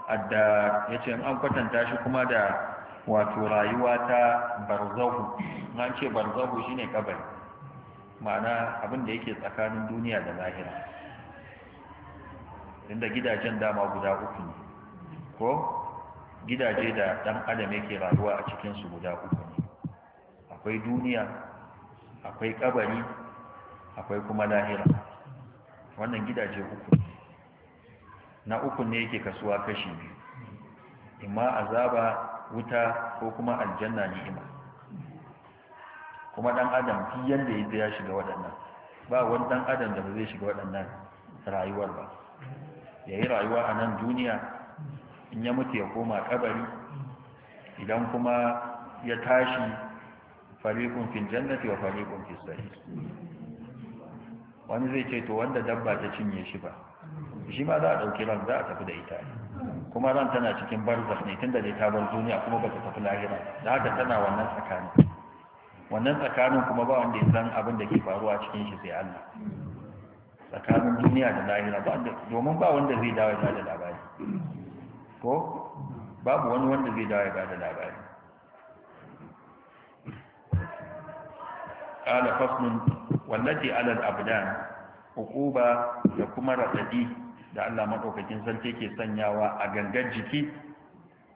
adda yace an kwatanta shi kuma da wato rayuwa ta barzahu an ce barzahu shine kabari ma'ana abin da yake tsakanin duniya da lahira inda gidajen dama guda uku ne ko gidaje da dan adam yake rayuwa a cikin su guda uku akwai duniya akwai kabari akwai kuma lahira wannan gidaje uku na uku ne yake kasuwa kashi biyu imma azaba wuta ko kuma aljanna ni'ima kuma dan adam fi yanda yake ya shiga waɗannan ba wani dan adam da ba zai shiga waɗannan rayuwar ba yayi rayuwa a nan duniya in ya mutu ya koma kabari idan kuma ya tashi fariqun fi jannati wa fariqun fi sa'ir wani zai ce to wanda dabba ta cinye shi ba shi ma za a ɗauki ran za a tafi da ita kuma ran tana cikin barzakh ne tunda dai ta bar duniya kuma ba ta tafi lahira da haka tana wannan tsakanin wannan tsakanin kuma ba wanda ya san abin da ke faruwa cikin shi sai Allah tsakanin duniya da lahira ba domin ba wanda zai dawo ya bada labari ko babu wani wanda zai dawo ya bada labari قال فصل alal abdan hukuba da kuma raɗaɗi da Allah madaukakin sarki ke sanyawa a gangar jiki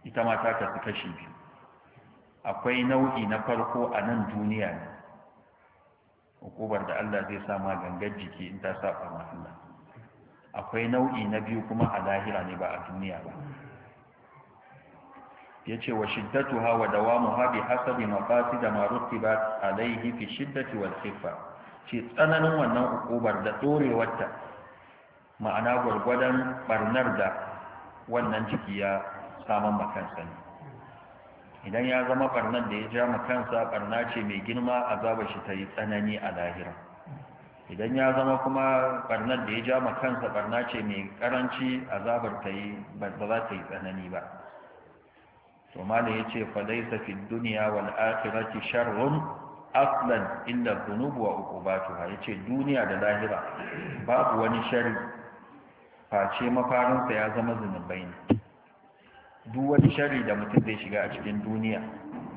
ita ma ta kasu kashi biyu akwai nau'i na farko a nan duniya ne hukubar da Allah zai sama gangar jiki in ta saba ma akwai nau'i na biyu kuma a lahira ne ba a duniya ba yace wa hawa da wa muhabi bi hasabi maqasid ma rutiba alaihi fi shiddati wal khiffa ce tsananin wannan hukubar da dorewarta ma'ana gwargwadon barnar da wannan jiki ya samun makansa ne idan ya zama barnar da ya ja makansa barna ce mai girma a azabar shi ta yi tsanani a lahira idan ya zama kuma barnar da ya ja makansa barna ce mai karanci a zabar ta yi ba za ta yi tsanani ba to ya yace fa laysa fid dunya wal akhirati sharrun aslan illa dhunub wa uqubatuha yace duniya da lahira babu wani sharri face mafarinsa ya zama zunubai ne duk wani sharri da mutum zai shiga a cikin duniya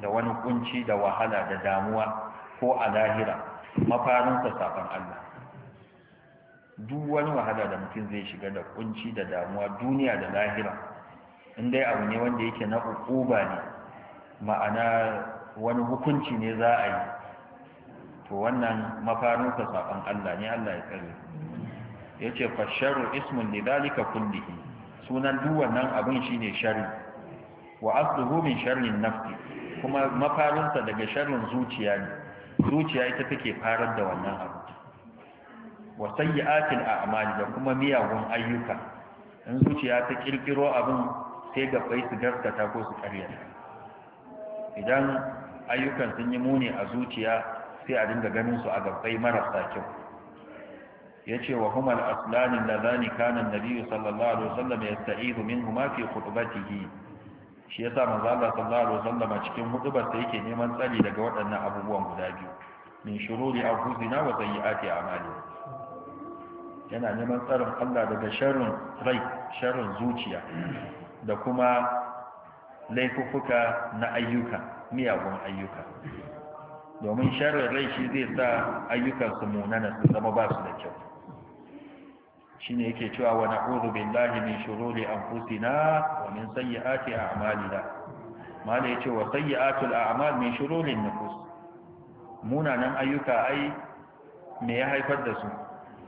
da wani kunci da wahala da damuwa ko a lahira mafarinsa safan Allah duk wani wahala da mutum zai shiga da kunci da damuwa duniya da lahira in dai abu ne wanda yake na ukuba ne ma'ana wani hukunci ne za a yi to wannan mafarin ka Allah ne Allah ya tsari ya fa fasharu ismun dalika kundi. sunan duwannan abin shi shine shari wa asluhu rumin sharin nafi kuma mafarinsa daga sharin zuciya ne zuciya ita take farar da wannan abu wa a a'mal da kuma miyagun ayyuka in zuciya ta kirkiro abin sai gabbai su gaskata ko su karyata idan ayyukan sun yi muni a zuciya sai a dinga ganin su a gabbai marasa kyau ya ce wa humar aslanin da zani kanan nabiyu sallallahu alaihi wasallam ya sa'idu min huma fi khutbatihi shi yasa manzo sallallahu alaihi wasallam cikin hudubar sa yake neman tsari daga waɗannan abubuwan guda biyu min shururi anfusina wa sayyiati a'malina yana neman tsarin Allah daga sharrin rai sharrin zuciya da kuma laifuffuka na ayyuka miyagun ayyuka domin sharar rai shi zai sa su munana su zama ba su da kyau shi ne yake cewa wa na'udhu billahi min shururi anfusina wa min sayyiati a'malina mala yace wa sayyiatul a'mal min shururi nufus munanan ayyuka ai me ya haifar da su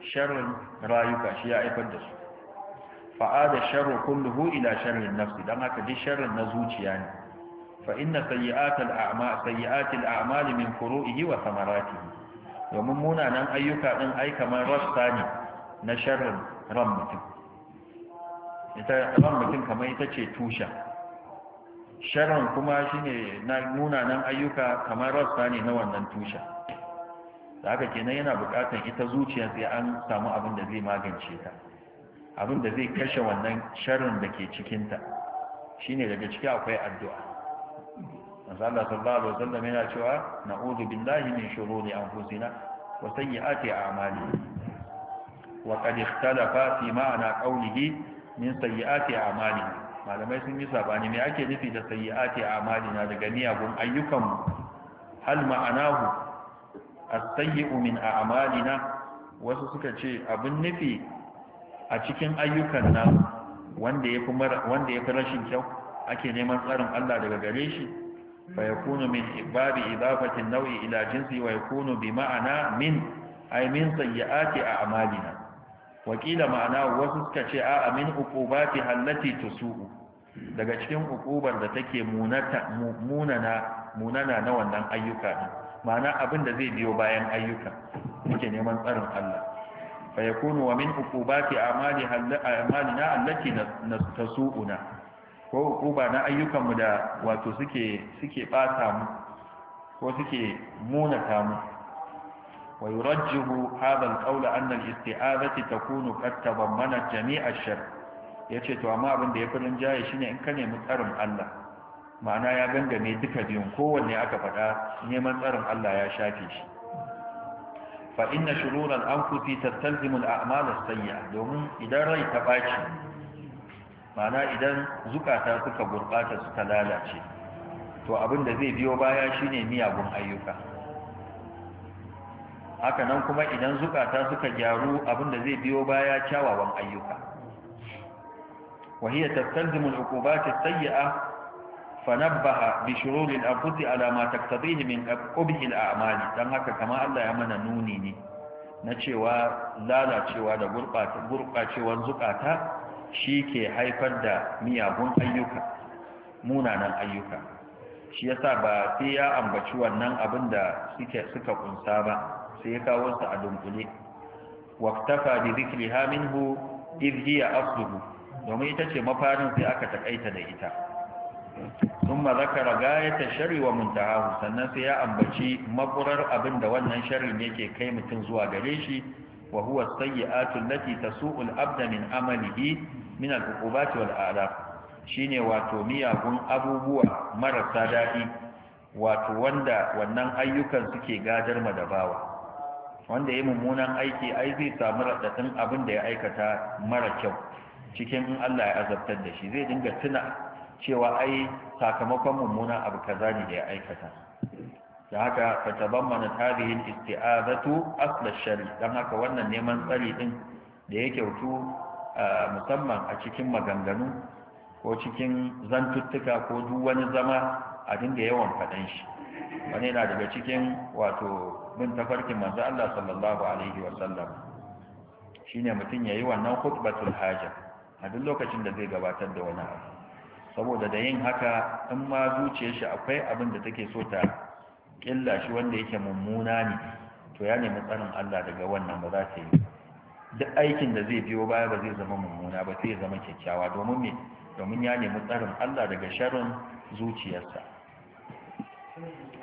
sharrin rayuka shi ya haifar da su fa'ada sharru kulluhu ila sharrin nafsi don haka duk sharar na zuciya ne Fa'in inna sayyi'atal a'ma sayyi'atil a'mali min furu'ihi wa thamaratihi domin munanan ayyuka din ai kamar rasta ne na sharrin ran mutum ita ran mutum kamar ita ce tusha sharrin kuma shine na munanan ayyuka kamar rasta ne na wannan tusha da haka kenan yana bukatar ita zuciya sai an samu abin da zai magance ta abin da zai kashe wannan sharrin da ke cikinta shine daga ciki akwai addu'a Allah sallallahu alaihi wasallam yana cewa na'udhu billahi min shururi anfusina wa sayyiati a'malina wa qad ikhtalafa fi ma'na qawlihi min sayyiati a'malina malamai sun yi sabani me ake nufi da sayyiati a'malina daga miyagun ayyukanmu hal ma'anahu as-sayyi'u min a'malina wasu suka ce abin nufi a cikin ayyukan nan wanda ya fi rashin kyau ake neman tsarin Allah daga gare shi fa kunu min babi idafatin nau'i ila jinsi wa kunu bi ma'ana min ay min sayyiati a'malina wakila ma'ana wasu suka ce a amin uqubati allati tusu'u daga cikin uqubar da take munata munana munana na wannan ayyuka ma'ana abin da zai biyo bayan ayyuka ake neman tsarin Allah fa yakunu wa min uqubati amali amalina ko uquba na ayyukan mu da wato suke suke bata mu ko suke munata mu wa yurajjihu hadha alqawla anna alisti'azati takunu qad tadammana jami'a ash-shar yace to amma abin da ya yafi rinjaye shine in ka nemi tsarin Allah ma'ana ya gangame duka biyun kowanne aka faɗa neman tsarin Allah ya shafe shi fa inna shurur al-anfusi tastalzimu al-a'mal as-sayyi'a domin idan rai ta baci mana idan zukata suka gurbata suka lalace to abinda zai biyo baya shine miyagun ayyuka haka nan kuma idan zukata suka gyaru abinda zai biyo baya kyawawan ayyuka وهي تستلزم العقوبات السيئة fanabbaha bi shururi al-anfusi ala ma taqtadihi min qabhi al-a'mali dan haka kamar Allah ya mana nuni ne na cewa lalacewa da gurbata zuƙata zukata ke haifar da miyagun ayyuka munanan ayyuka shi yasa ba sai ya ambaci wannan abin da suka kunsa ba sai ya kawo su a dunkule waqtafa bi dhikriha minhu idh hiya domin ita ce mafarin sai aka takaita da ita ثم ذكر غاية الشر ومنتهاه sannan sai ya ambaci makurar abin da wannan sharrin yake kai mutum zuwa gare shi wa huwa sayyi'atu allati tasu'u al-abda min amalihi min al-uqubati wal a'dab shine wato miyagun abubuwa marasa dadi wato wanda wannan ayyukan suke gadar madabawa wanda yayi mummunan aiki ai zai samu radadin abin da ya aikata mara kyau cikin Allah ya azabtar da shi zai dinga tuna cewa ai sakamakon mummuna abu kaza ne da ya aikata da haka mana tarihin isti'azatu asla shari dan haka wannan neman tsari din da ya kyautu musamman a cikin maganganu ko cikin zantuttuka ko duk wani zama a dinga yawan faɗan shi wani yana daga cikin wato bin tafarkin manzo Allah sallallahu alaihi wa sallam shine mutum yayi wannan khutbatul haja a duk lokacin da zai gabatar da wani abu saboda da yin haka in ma zuciyar shi akwai abin da take so ta killa shi wanda yake mummuna ne to ya nemi tsarin Allah daga wannan ba za ta yi duk aikin da zai biyo baya ba zai zama mummuna ba sai zama kyakkyawa domin me domin ya nemi tsarin Allah daga sharrin zuciyarsa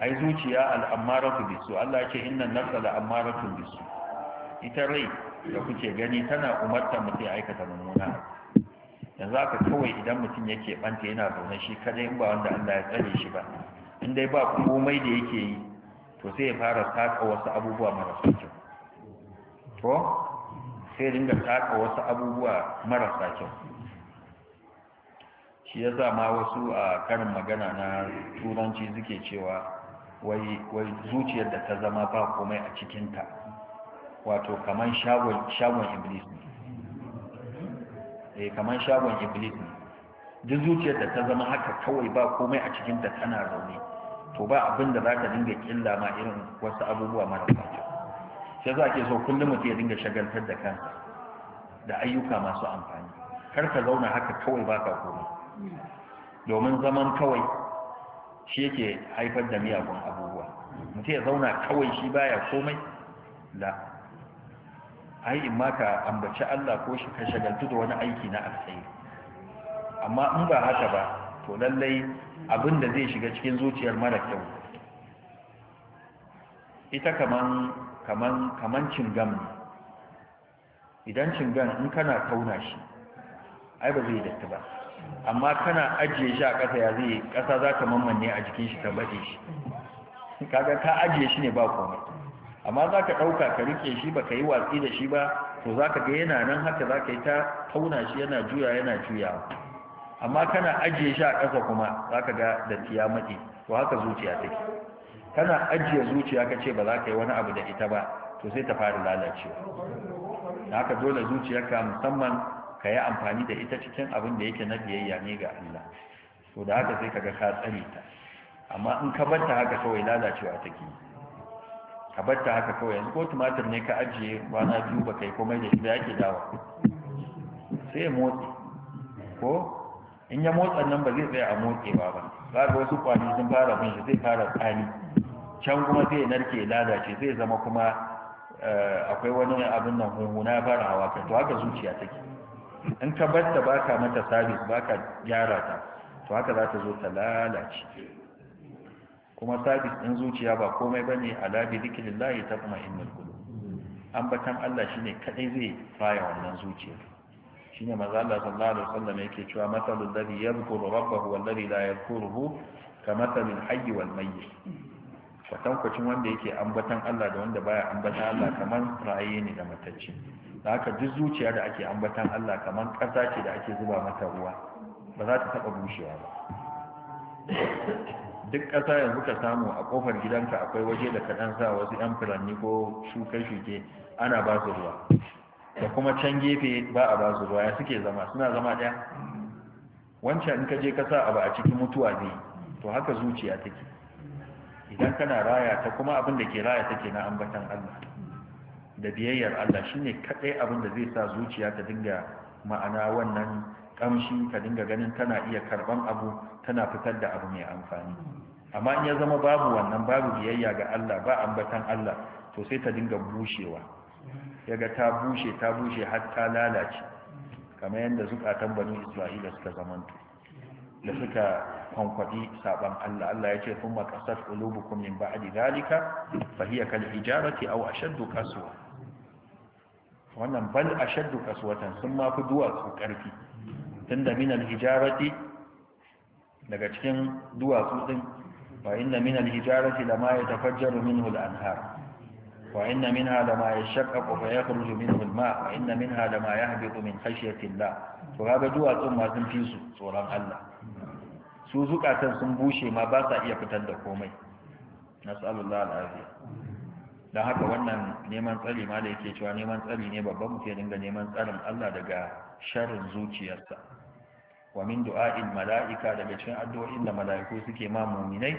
ai zuciya al'amaratu bisu Allah ce innan nafsa al'amaratu bisu ita rai da kuke gani tana umarta mutum ya aikata mummuna yanzu haka kawai idan mutum yake banta yana zaune shi kadai in ba wanda Allah ya tsare shi ba in dai ba komai da yake yi to sai ya fara taka wasu abubuwa marasa kyau to sai dinga taka wasu abubuwa marasa kyau shi ya sa ma wasu a karin magana na turanci suke cewa wai zuciyar da ta zama ba komai a cikinta wato kamar shagon iblis ne eh kamar shagon iblis ne duk zuciyar da ta zama haka kawai ba komai a cikin ta tana rauni to ba abin da zaka dinga killa ma irin wasu abubuwa mara kyau sai za so kullum mutum ya dinga shagaltar da kansa da ayyuka masu amfani kar ka zauna haka kawai ba ka komai domin zaman kawai shi yake haifar da miyagun abubuwa mutum ya zauna kawai shi baya komai la ai in ma ka ambaci Allah ko shi ka shagaltu da wani aiki na alkhairi amma in ba haka ba to lallai abin da zai shiga cikin zuciyar mara kyau ita kaman kaman kaman cingam ne idan cingam in kana tauna shi ai ba zai datti ba amma kana ajiye shi a ƙasa ya zai ƙasa za ta mammanne a jikin shi ta baje shi kaga ka ajiye shi ne ba komai amma za ka ɗauka ka rike shi ba ka yi watsi da shi ba to za ka ga yana nan haka za ka yi ta tauna shi yana juya yana juyawa amma kana ajiye shi a ƙasa kuma za ka ga da tiya to haka zuciya take kana ajiye zuciya ka ce ba za ka yi wani abu da ita ba to sai ta fara lalacewa haka dole ka musamman ka yi amfani da ita cikin abin da yake na biyayya ne ga Allah to da haka sai ka ga ka tsare ta amma in ka bar haka kawai lalacewa take yi ka bar ta haka kawai yanzu ko tumatir ne ka ajiye kwana biyu ba kai komai da shi ba yake dawa sai ya motsi ko in ya motsa nan ba zai tsaya a motsi ba ba za ga wasu kwani sun fara bin shi zai fara tsani can kuma zai narke lalace zai zama kuma eh, akwai wani abin nan hunhuna ya fara hawa kai to haka zuciya take in ka bar ta baka mata sabis baka gyara ta to haka za ta zo ta lalace kuma sabis ɗin zuciya ba komai ba ne alabi zikirin layi ta kuma inda kudu ambatan allah shi ne kaɗai zai faya wannan zuciya shi ne maza allah sallallahu alaihi mai yake cewa matsalin lari ya zukuru rabbahu wallari da ya zukuruhu ka matsalin hayyi wal kwatankwacin wanda yake ambatan allah da wanda baya ambatan allah kamar raye ne da matacci da haka duk zuciya da ake ambatan allah kamar ƙasa ce da ake zuba mata ruwa ba za ta taɓa bushewa ba duk ƙasa yanzu ka samu a ƙofar gidanka akwai waje da ka ɗan sa wasu 'yan furanni ko shuke-shuke ana ba su ruwa da kuma can gefe ba a ba su ruwa ya suke zama suna zama ɗaya wancan in ka je ka sa abu a cikin mutuwa ne to haka zuciya take idan kana raya ta kuma abin da ke raya take na ambatan Allah da biyayyar Allah shine kaɗai abin da zai sa zuciya ta dinga ma'ana wannan ƙamshi ka dinga ganin tana iya karɓan abu tana fitar da abu mai amfani amma in ya zama babu wannan babu biyayya ga Allah ba ambatan Allah to sai ta dinga bushewa yaga ta bushe ta bushe har ta lalace kamar yadda zukatan banu Isra'ila suka zamanto da suka kwankwabi saban Allah Allah ya ce kun makasar qulubukum min ba'di zalika fa hiya kal hijarati aw ashaddu qaswa wannan bal ashaddu qaswatan sun ma fi su karfi tunda min al hijarati daga cikin duwatsu din wa inna min al-hijarati lama yatafajjaru minhu al-anhar wa inna minha lama yashaqqaqu fa yakhruju minhu al-ma' wa inna minha lama yahbitu min khashyati Allah to kaga duwatsun ma sun fi su tsoron Allah su zukatan sun bushe ma ba sa iya fitar da komai nas'alullah al dan haka wannan neman tsari ma da yake cewa neman tsari ne babban mutum dinga neman tsarin Allah daga sharrin zuciyarsa wa min du'a'il mala'ika daga cikin addu'o'in da mala'iku suke ma mu'minai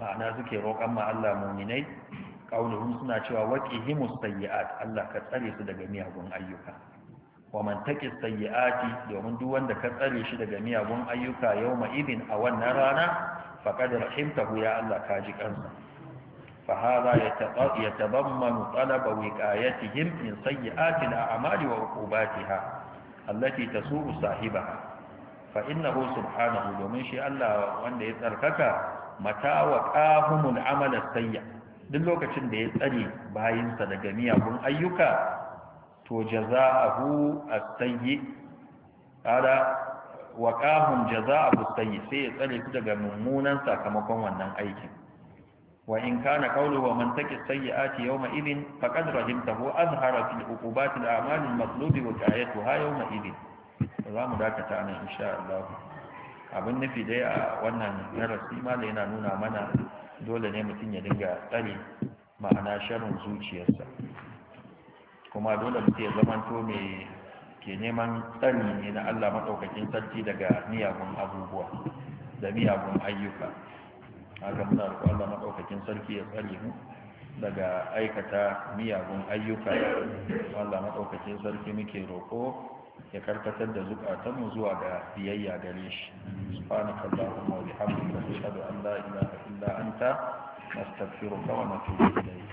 ma'ana suke roƙan ma Allah mu'minai qauluhum suna cewa waqihimus sayyi'at Allah ka tsare su daga miyagun ayyuka wa man taqis sayyi'ati domin duk wanda ka tsare shi daga miyagun ayyuka yawma idin a wannan rana faqad rahimtahu ya Allah ka ji kansa fa hada yatadammanu talaba wiqayatihim min sayyi'ati al-a'mali wa uqubatiha sahibaha fa innahu subhanahu domin shi Allah wanda ya tsarkaka mata wa qahumul amal sayya duk lokacin da ya tsare bayinsa daga miyagun ayyuka to jaza'ahu as-sayyi ala wa qahum jaza'ahu as-sayyi sai ya tsare su daga mummunan sakamakon wannan aikin wa in kana qawluhu man taki sayyi'ati yawma idin faqad rahimtahu azhara fil uqubat al-a'mal al-matlub wa ta'ayatuha yawma idin za mu dakata nan insha Allah abin nufi dai a wannan darasi da yana nuna mana dole ne mutum ya dinga tsare ma'ana sharin zuciyarsa kuma dole mutum ya zamanto mai ke neman tsari ne na Allah maɗaukakin sarki daga miyagun abubuwa da miyagun ayyuka haka muna roƙo Allah maɗaukakin sarki ya tsare mu daga aikata miyagun ayyuka Allah maɗaukakin sarki muke roƙo ya karkatar da zukatanmu zuwa ga biyayya gare shi subhanaka allahumma wa bihamdika nashhadu an la ilaha illa anta nastaghfiruka wa natubu ilayk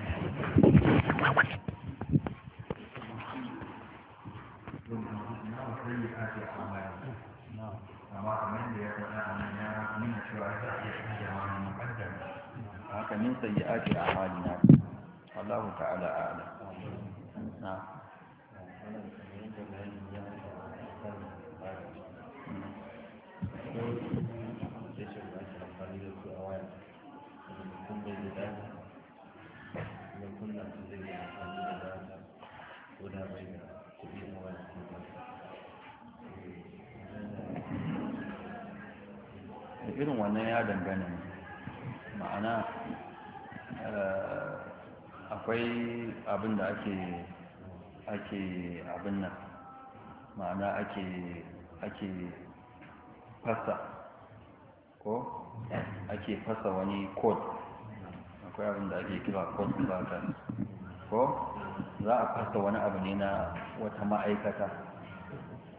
haka min sayyi'ati a'malina Allah ta'ala a'lam. Na'am. irin wannan ya dangana ma'ana eh, akwai abin da ake ake abin nan ma'ana ake ake fasa ko ake fasa wani code akwai abin da ake kira code bakas ko za a fasa wani abu ne na wata ma'aikata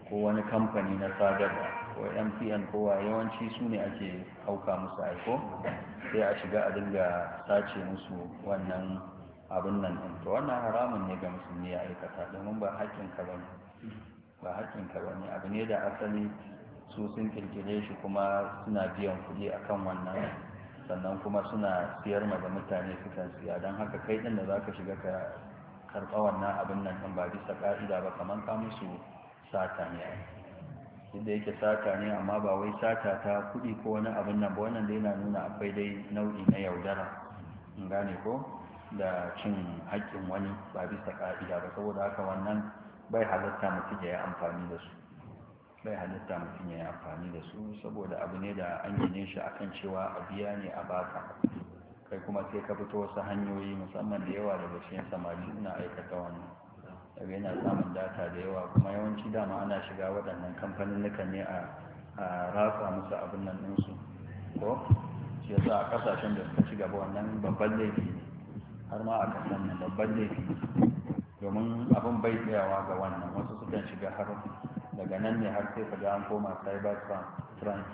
ko wani kamfani na sadarwa ko ko kowa yawanci su ne ake hauka musu aiko sai a shiga a dinga sace musu wannan abin nan ɗin to wannan haramun ne ga musulmi ya aikata domin ba haƙƙinka ba ne ba haƙƙinka ba ne abu ne da asali su sun kirkire shi kuma suna biyan kuɗi a kan wannan sannan kuma suna siyar ma da mutane sukan siya don haka kai ɗin da za ka shiga ka karɓa wannan abin nan ɗin ba bisa ƙa'ida ba kamar ka musu sata ne inda yake sata ne amma ba wai sata ta kuɗi ko wani abin nan ba wannan da yana nuna akwai dai nau'i na yaudara in gane ko da cin haƙƙin wani ba bisa ƙa'ida ba saboda haka wannan bai halatta mutum ya yi amfani da su bai halitta mutum ya yi amfani da su saboda abu ne da an gine shi akan cewa a biya ne a baka kai kuma sai ka fito wasu hanyoyi musamman da yawa daga shi samari suna aikata wani daga yana samun data da yawa kuma yawanci dama ana shiga waɗannan nuka ne a ratsa musu abin nan ɗinsu ko shi yasa a ƙasashen da suka ci gaba wannan babban laifi ne har ma a ƙasan nan babban laifi domin abin bai tsayawa ga wannan wasu sukan shiga har daga nan ne har sai kaga an koma cyber france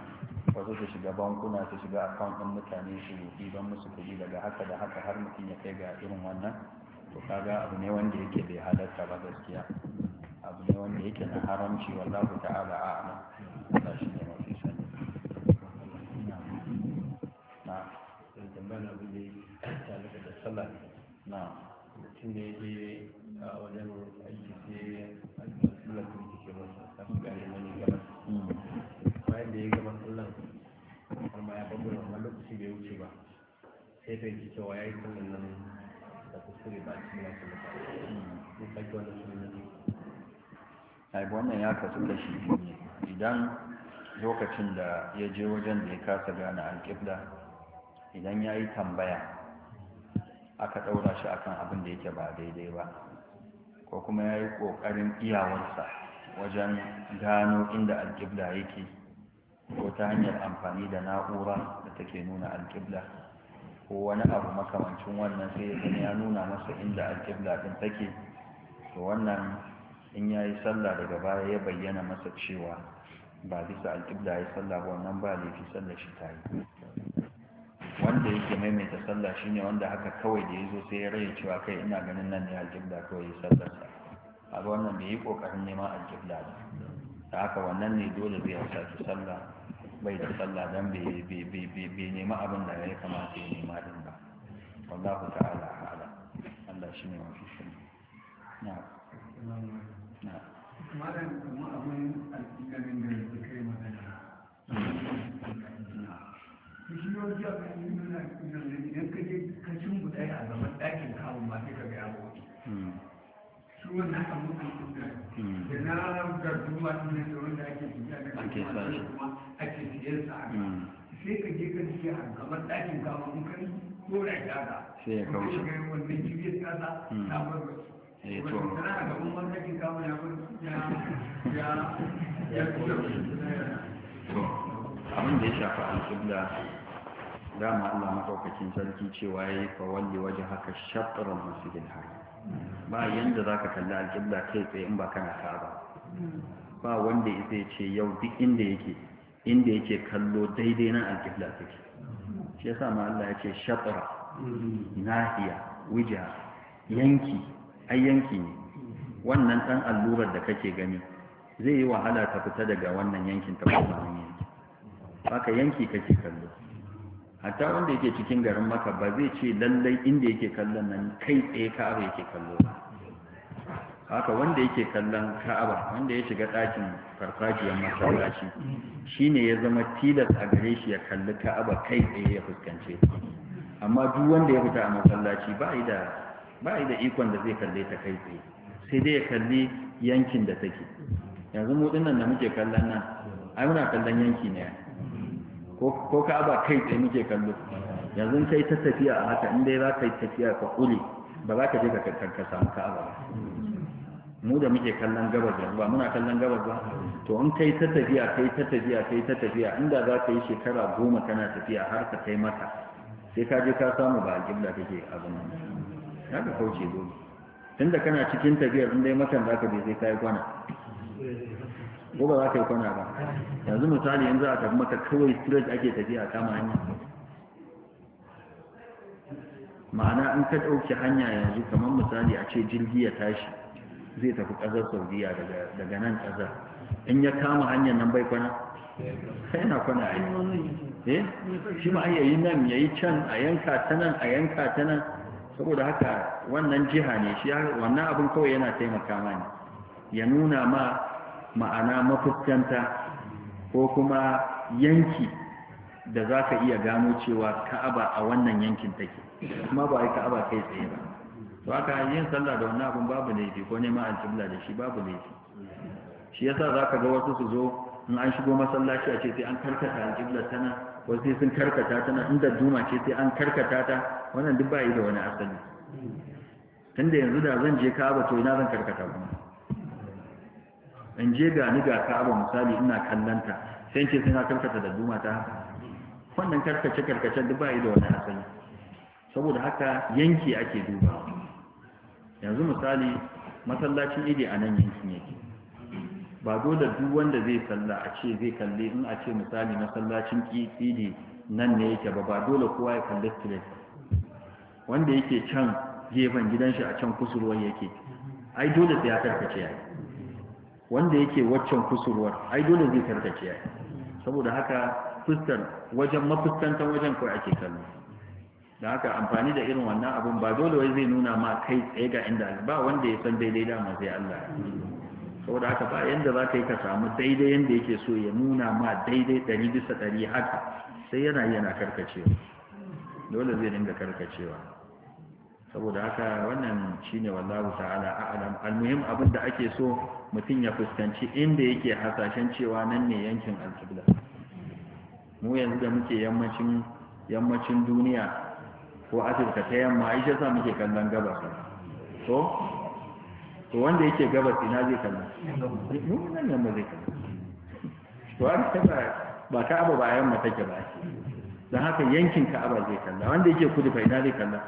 wasu su shiga bankuna su shiga account ɗin mutane su don musu kuɗi daga haka da haka har mutum ya kai ga irin wannan to kaga abu ne wanda yake bai halarta ba gaskiya abu ne wanda yake na haramci wallahu ta'ala a'lam Allah shi ne mafi sani na tambaya abu ne tare da sallah na mutum ne ya je a wajen aiki sai sai ta yi cewa ya yi nan da kuskure ba cikin ko wannan ne ai wannan ya kasu da shi idan lokacin da ya je wajen da ya kasa gane alƙibla idan ya yi tambaya aka ɗaura shi akan abin da yake ba daidai ba ko kuma ya yi ƙoƙarin iyawarsa wajen gano inda alƙibla yake ko ta hanyar amfani da na'ura da take nuna alƙibla ko wani abu makamancin wannan sai ya ya nuna masa inda alƙibla ɗin take to wannan in ya yi sallah daga baya ya bayyana masa cewa ba bisa alƙibla ya yi sallah ba wannan ba laifi sallah shi ta yi wanda yake maimaita sallah shi ne wanda haka kawai da ya zo sai ya rage cewa kai ina ganin nan ne alƙibla kawai ya sallar sa a wannan bai yi ƙoƙarin neman alƙibla ba da haka wannan ne dole zai sake sallah bai da sallah don bai nema abin da ya kamata ya nema din ba wallahu ta'ala ala Allah shi ne mafi shi na na malam kuma abin alƙiƙarin da ya kai magana bishiyoyi abin yi nuna idan ka je ka cimbuta a zaman ɗakin kawo ba sai ka ga yawon hmm. su wannan abin alƙiƙarin da hmm. na gardu masu ne da wanda ake tafiya da kuma biyarsa mm. sai ka je ka ji a gaban ɗakin kama in ka dora shaka sai ya kawo shi wannan kibiyar kasa ta barbar mm. eh to tana a gaban wannan kama ya bar ya ya ya to abin da ya shafi alƙibla dama Allah madaukakin sarki cewa yayi fa walli waje haka shatr al-masjidil haram ba yanda zaka kalli alƙibla kai tsaye in ba kana ka'aba mm. ba wanda ya ce yau duk inda yake inda yake kallo daidai na alƙibla take shi yasa ma Allah ya ce nahiya wija yanki ai yanki ne wannan dan allurar da kake gani zai yi wahala ta fita daga wannan yankin ta kuma yanki haka yanki kake kallo hatta wanda yake cikin garin maka ba zai ce lallai inda yake kallon nan kai tsaye ka'aba yake kallo ba haka wanda yake kallon ka'aba wanda ya shiga ɗakin farfajiyar masallaci ne ya zama tilas a gare shi ya kalli ka'aba kai tsaye ya fuskance amma duk wanda ya fita a masallaci ba yi da yi da ikon da zai kalle ta kai tsaye sai dai ya kalli yankin da take yanzu mu dinnan da muke kallon nan ai muna kallon yanki ne ko ko ka'aba kai tsaye muke kallo yanzu kai ta tafiya a haka in dai za ka yi tafiya ka kule ba za ka je ka samu ka'aba ba mu da muke kallon gabas yanzu ba muna kallon gabas ba to in kai ta tafiya kai ta tafiya kai ta tafiya inda za ka yi shekara goma kana tafiya har ka kai maka sai ka je ka samu ba a kibla kake abin nan ya ka kauce Tun tunda kana cikin tafiyar in dai makan za ka je sai ka yi kwana ko ba za ka yi kwana ba yanzu misali yanzu a tafi maka kawai straight ake tafiya a kama hanya ma'ana in ka ɗauki hanya yanzu kamar misali a ce jirgi ya tashi zai tafi ƙasar saudiya daga nan ƙasar in ya kama hanyar nan bai kwana sai na kwana a yi eh? shi ma ya yi nan ya yi can a yanka ta nan a yanka ta nan saboda haka wannan jiha ne shi wannan abin kawai yana taimaka ma ne ya nuna ma ma'ana mafuskanta ko kuma yanki da za ka iya gano cewa ka'aba a wannan yankin take kuma ba yi ka'aba kai tsaye ba to haka yin sallah da wannan abin babu laifi ko neman aljumla da shi babu laifi shi yasa za ka ga wasu su zo in an shigo masallaci a ce sai an karkata alƙiblar tana wasu sai sun karkata tana inda duma ce sai an karkata ta wannan duk bayi da wani asali tunda yanzu da zan je ka'aba to ina zan karkata kuma in je ga ni ga ka'aba misali ina kallanta sai ce sai na karkata da duma ta wannan karkace karkace duk bayi da wani asali saboda haka yanki ake dubawa yanzu misali masallacin idi a nan yankin yake ba dole duk wanda zai salla a ce zai kalli in a ce misali masallacin kidi nan ne yake ba ba dole kowa ya kalli straight wanda yake can gefen gidan shi a can kusurwar yake ai dole sai ya karkace ya wanda yake waccan kusurwar ai dole zai karkace ya saboda haka fuskar wajen mafuskantar wajen kawai ake kallo da haka amfani da irin wannan abun ba dole wai zai nuna ma kai tsaye ga inda ba wanda ya san daidai dama sai Allah saboda haka ba yanda za ka yi ka samu daidai yanda yake so ya nuna ma daidai ɗari bisa ɗari haka sai yana yana karkacewa dole zai dinga karkacewa saboda haka wannan shine wallahu ta'ala a'lam almuhim abin da ake so mutum ya fuskanci inda yake hasashen cewa nan ne yankin alƙibla mu yanzu da muke yammacin duniya ko afirka ta yamma aisha sa muke kallon gabas to to wanda yake gabas ina zai kalla nan ba zai kalla to an taba ba ka abu ba yamma take ba dan haka yankin ka aba zai kalla wanda yake kudu fa ina zai kalla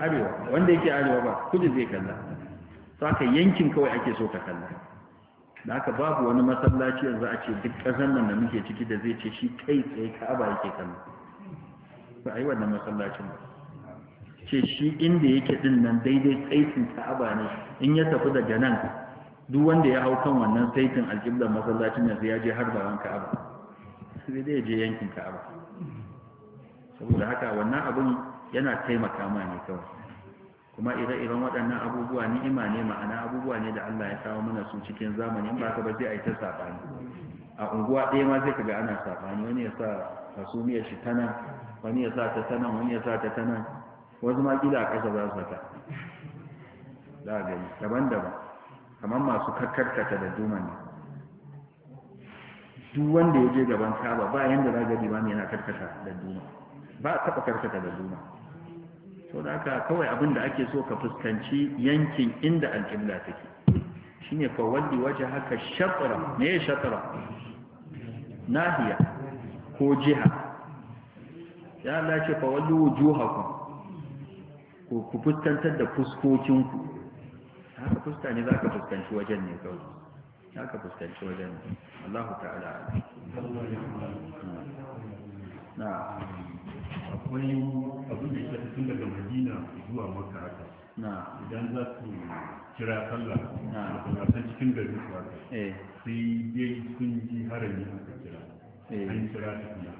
arewa wanda yake arewa ba kudu zai kalla to haka yankin kawai ake so ka kalla da haka babu wani masallaci yanzu a ce duk kasan nan da muke ciki da zai ce shi kai tsaye ka aba yake kalla ba ai wannan masallacin ba ce shi inda yake din nan daidai tsaitin ka'aba ne in ya tafi daga nan duk wanda ya hau kan wannan tsaitin alƙiblar masallacin yanzu ya je har gaban ka'aba sai dai ya je yankin ka'aba saboda haka wannan abin yana taimaka ma ne kawai kuma ire-iren waɗannan abubuwa ni'ima ne ma'ana abubuwa ne da Allah ya kawo mana su cikin zamani ba ka ba sai a yi ta saɓani a unguwa ɗaya ma zai kaga ana saɓani wani ya sa hasumiyar shi ta nan wani ya sa ta ta nan wani ya sa ta ta nan wasu ma gida a ƙasa za su ta za a gani daban-daban kamar masu karkarkata da duman ne duk wanda ya je gaban kaba ba yanda za ga limami yana karkata da duma ba a taɓa karkata da duma sau da aka kawai abin da ake so ka fuskanci yankin inda alƙibla take shi ne fawalli waje haka shatara me ya shatara nahiya ko jiha ya Allah ce fawalli ko ku fuskantar da fuskokinku haka fuska ne za ka fuskanci wajen ne kawai za ka fuskanci wajen ne Allahu ta'ala na akwai abin da ya tun daga madina zuwa maka haka idan za su kira sallah da san cikin gari su haka eh. sai dai sun ji harami aka kira eh. an kira tafiya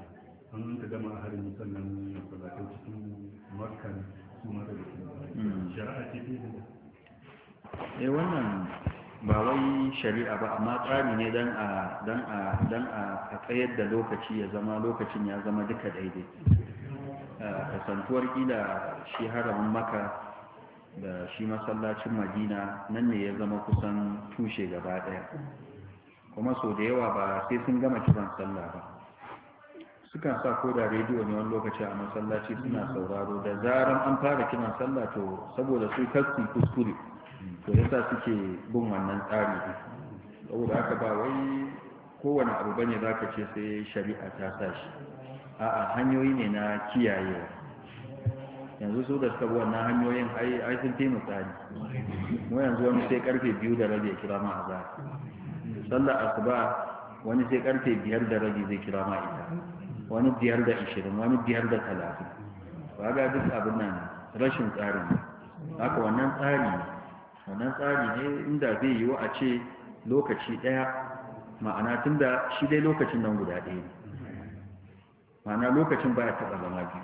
an ta gama harami sannan kullasan cikin makka su hmm. eh, wannan ba wai shari'a ba amma tsari ne dan a don a don a tsayar da lokaci ya zama lokacin ya zama duka daidai eh, kasantuwar kila shi haramin maka da shi masallacin madina nan ne ya zama kusan tushe gaba daya kuma sau da yawa ba sai sun gama kiran sallah ba sukan sa ko da rediyo ne wani lokaci a masallaci suna sauraro da zaran an fara kiran sallah to saboda su kasu kuskure to yasa suke bin wannan tsari saboda haka ba wai kowane abu bane zaka ce sai shari'a ta sa shi a'a hanyoyi ne na kiyaye yanzu su da suka bi wannan hanyoyin ai ai sun fi misali mu yanzu wani sai karfe biyu da rabi ya kira ma azhar sallar asuba wani sai karfe biyar da rabi zai kira ma ita wani biyar da ishirin wani biyar da talatin ba ga duk abin nan rashin tsarin haka wannan tsari ne wannan tsari ne inda zai yiwu a ce lokaci ɗaya ma'ana tun da shi dai lokacin nan guda ɗaya ne ma'ana lokacin ba ya taɓa zama biyu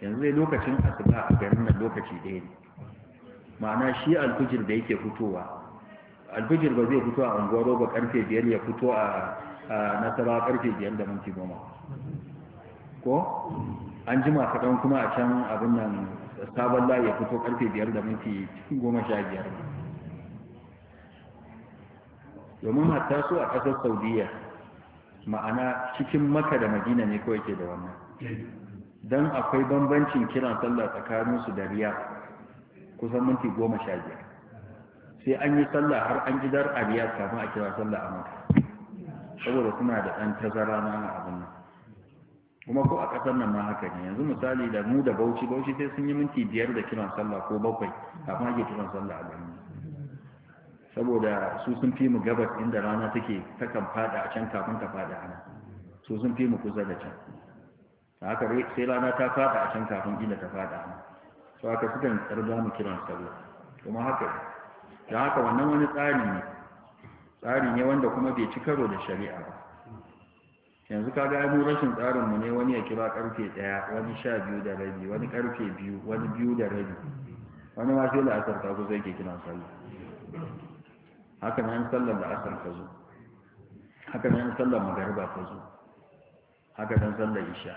yanzu dai lokacin asuba a garin nan lokaci ɗaya ne ma'ana shi alfijir da yake fitowa alfijir ba zai fito a unguwar roba karfe biyar ya fito a na ba karfe biyar da minti goma ko an jima kaɗan kuma a can abin nan sabon layi ya fito karfe biyar da minti goma sha biyar domin hatta su a ƙasar saudiya ma'ana cikin maka da madina ne kawai ke da wannan don akwai bambancin kiran sallah tsakaninsu da riya kusan minti goma sha biyar sai an yi sallah har an dar a riya kafin a kira sallah a maka saboda kuna da ɗan tazara na abin nan kuma ko a ƙasar nan ma haka ne yanzu misali da mu da bauchi bauchi sai sun yi minti biyar da kiran sallah ko bakwai kafin ake kiran sallah a gani saboda su sun fi mu gabas inda rana take takan fada a can kafin ta fada ana su sun fi mu kusa da can haka sai rana ta fada a can kafin ila ta fada ana su haka sukan tsarda mu kiran sallah kuma haka da haka wannan wani tsari ne tsari ne wanda kuma bai ci karo da shari'a ba yanzu ka ga mu rashin tsarinmu ne wani ya kira karfe ɗaya wani sha biyu da rabi wani karfe biyu wani biyu da rabi wani ma sai la'asar ta zo zai ke kiran sallah haka nan sallar da asar ta zo haka nan sallar Garba ta zo haka nan sallar isha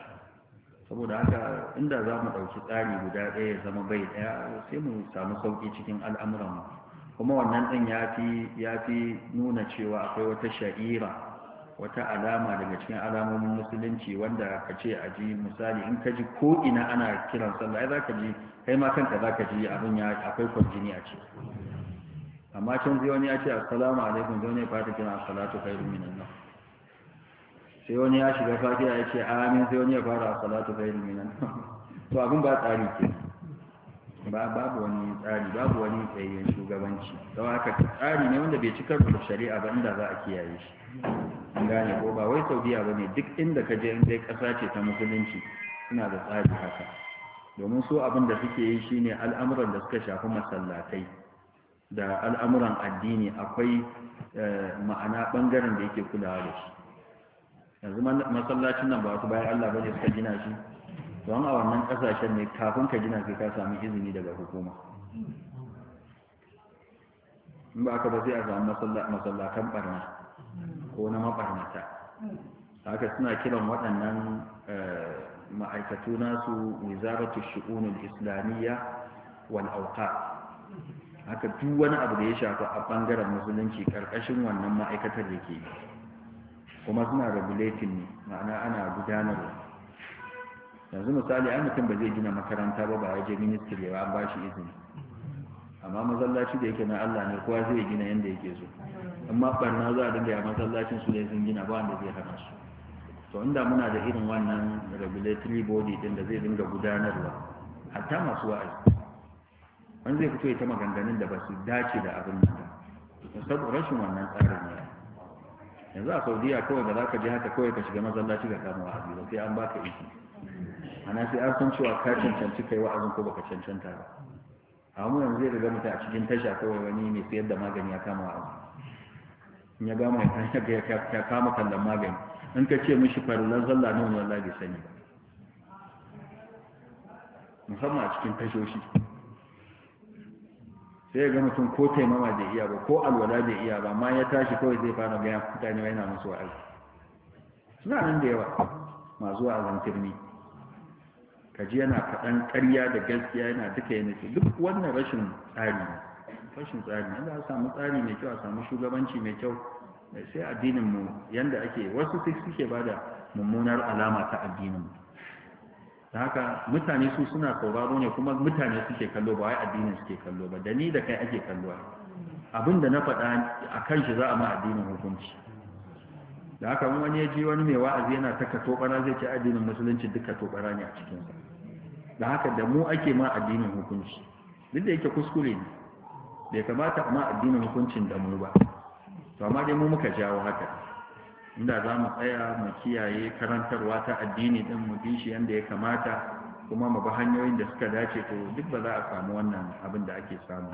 saboda haka inda za mu ɗauki tsari guda ɗaya ya zama bai ɗaya sai mu samu sauƙi cikin al'amuranmu kuma wannan ɗin ya fi nuna cewa akwai wata sha'ira wata alama daga cikin alamomin musulunci wanda ka ce a ji misali in ka ji ko ina ana kiran sallah za ka ji kai ma kanka za ka ji abin ya akwai kwanjini a ce amma can zai wani ya ce assalamu alaikum zai wani ya fata kiran salatu kai minan nan sai wani ya shiga fatiha ya ce amin zai wani ya fara salatu kai minan nan to abin ba tsari ke ba babu wani tsari babu wani tsayayyen shugabanci don haka tsari ne wanda bai cikar da shari'a ba inda za a kiyaye shi an gane ko ba wai saudiya ba ne duk inda ka je in dai ƙasa ce ta musulunci suna da tsari haka domin su abin da suke yi shi ne al'amuran da suka shafi masallatai da al'amuran addini akwai eh, ma'ana ɓangaren da yake kulawa da shi yanzu masallacin nan ba wasu bayan allah ba ne suka gina shi don a wannan kasashen ne kafin ka gina sai ka sami izini daga hukuma in ba aka ba sai a samu masallatan barna ko na mabarnata haka suna kiran waɗannan eh, ma'aikatu nasu wizaratu shi'unul islamiyya wal auqa haka duk wani abu da ya shafa a ɓangaren musulunci karkashin wannan ma'aikatar da ke kuma suna regulating ne ma'ana ana gudanarwa yanzu misali an mutum ba zai gina makaranta ba ba ya je ministry ba an ba shi izini amma masallaci da yake na Allah ne kowa zai gina yanda yake so amma barna za a dinga ya masallacin su ne sun gina ba wanda zai hana su to inda muna da irin wannan regulatory body din da zai dinga gudanarwa hatta masu wa'azi wani zai fito ita ta maganganun da ba su dace da abin da ba rashin wannan tsarin ne yanzu a saudiya kawai da za ka ji haka kawai ka shiga mazallaci ka kama wa abu sai an baka izini ana sai an san cewa ka cancanci kai wa'azin ko baka cancanta ba a mu yanzu zai daga mutu a cikin tasha kawai wani mai sayar da magani ya kama abu in ya gama ya kama kallon magani in ka ce mishi farillan zalla nan wallahi bai sani ba musamman a cikin tashoshi sai ga mutum ko taimama bai iya ba ko alwala bai iya ba ma ya tashi kawai zai fara gaya mutane yana musu wa'azi suna nan da yawa masu wa'azan turmi kaji yana kaɗan ƙarya da gaskiya yana duka ya nufi duk wannan rashin tsari rashin tsari yadda a samu tsari mai kyau a samu shugabanci mai kyau sai addinin mu yanda ake wasu suke ba da mummunar alama ta addinin mu da haka mutane su suna sauraro ne kuma mutane suke kallo ba wai addinin suke kallo ba da ni da kai ake kallo abin da na faɗa a kan shi za a ma addinin hukunci da haka wani ya ji wani mai wa'azi yana taka tobara zai ce addinin musulunci duka tobara ne a sa da haka da mu ake ma addinin hukunci duk da yake kuskure ne bai kamata a ma addinin hukuncin da mu ba to amma dai mu muka jawo haka inda za mu tsaya mu kiyaye karantarwa ta addini din mu bi shi yanda ya kamata kuma mu bi hanyoyin da suka dace to duk ba za a samu wannan abin da ake samu.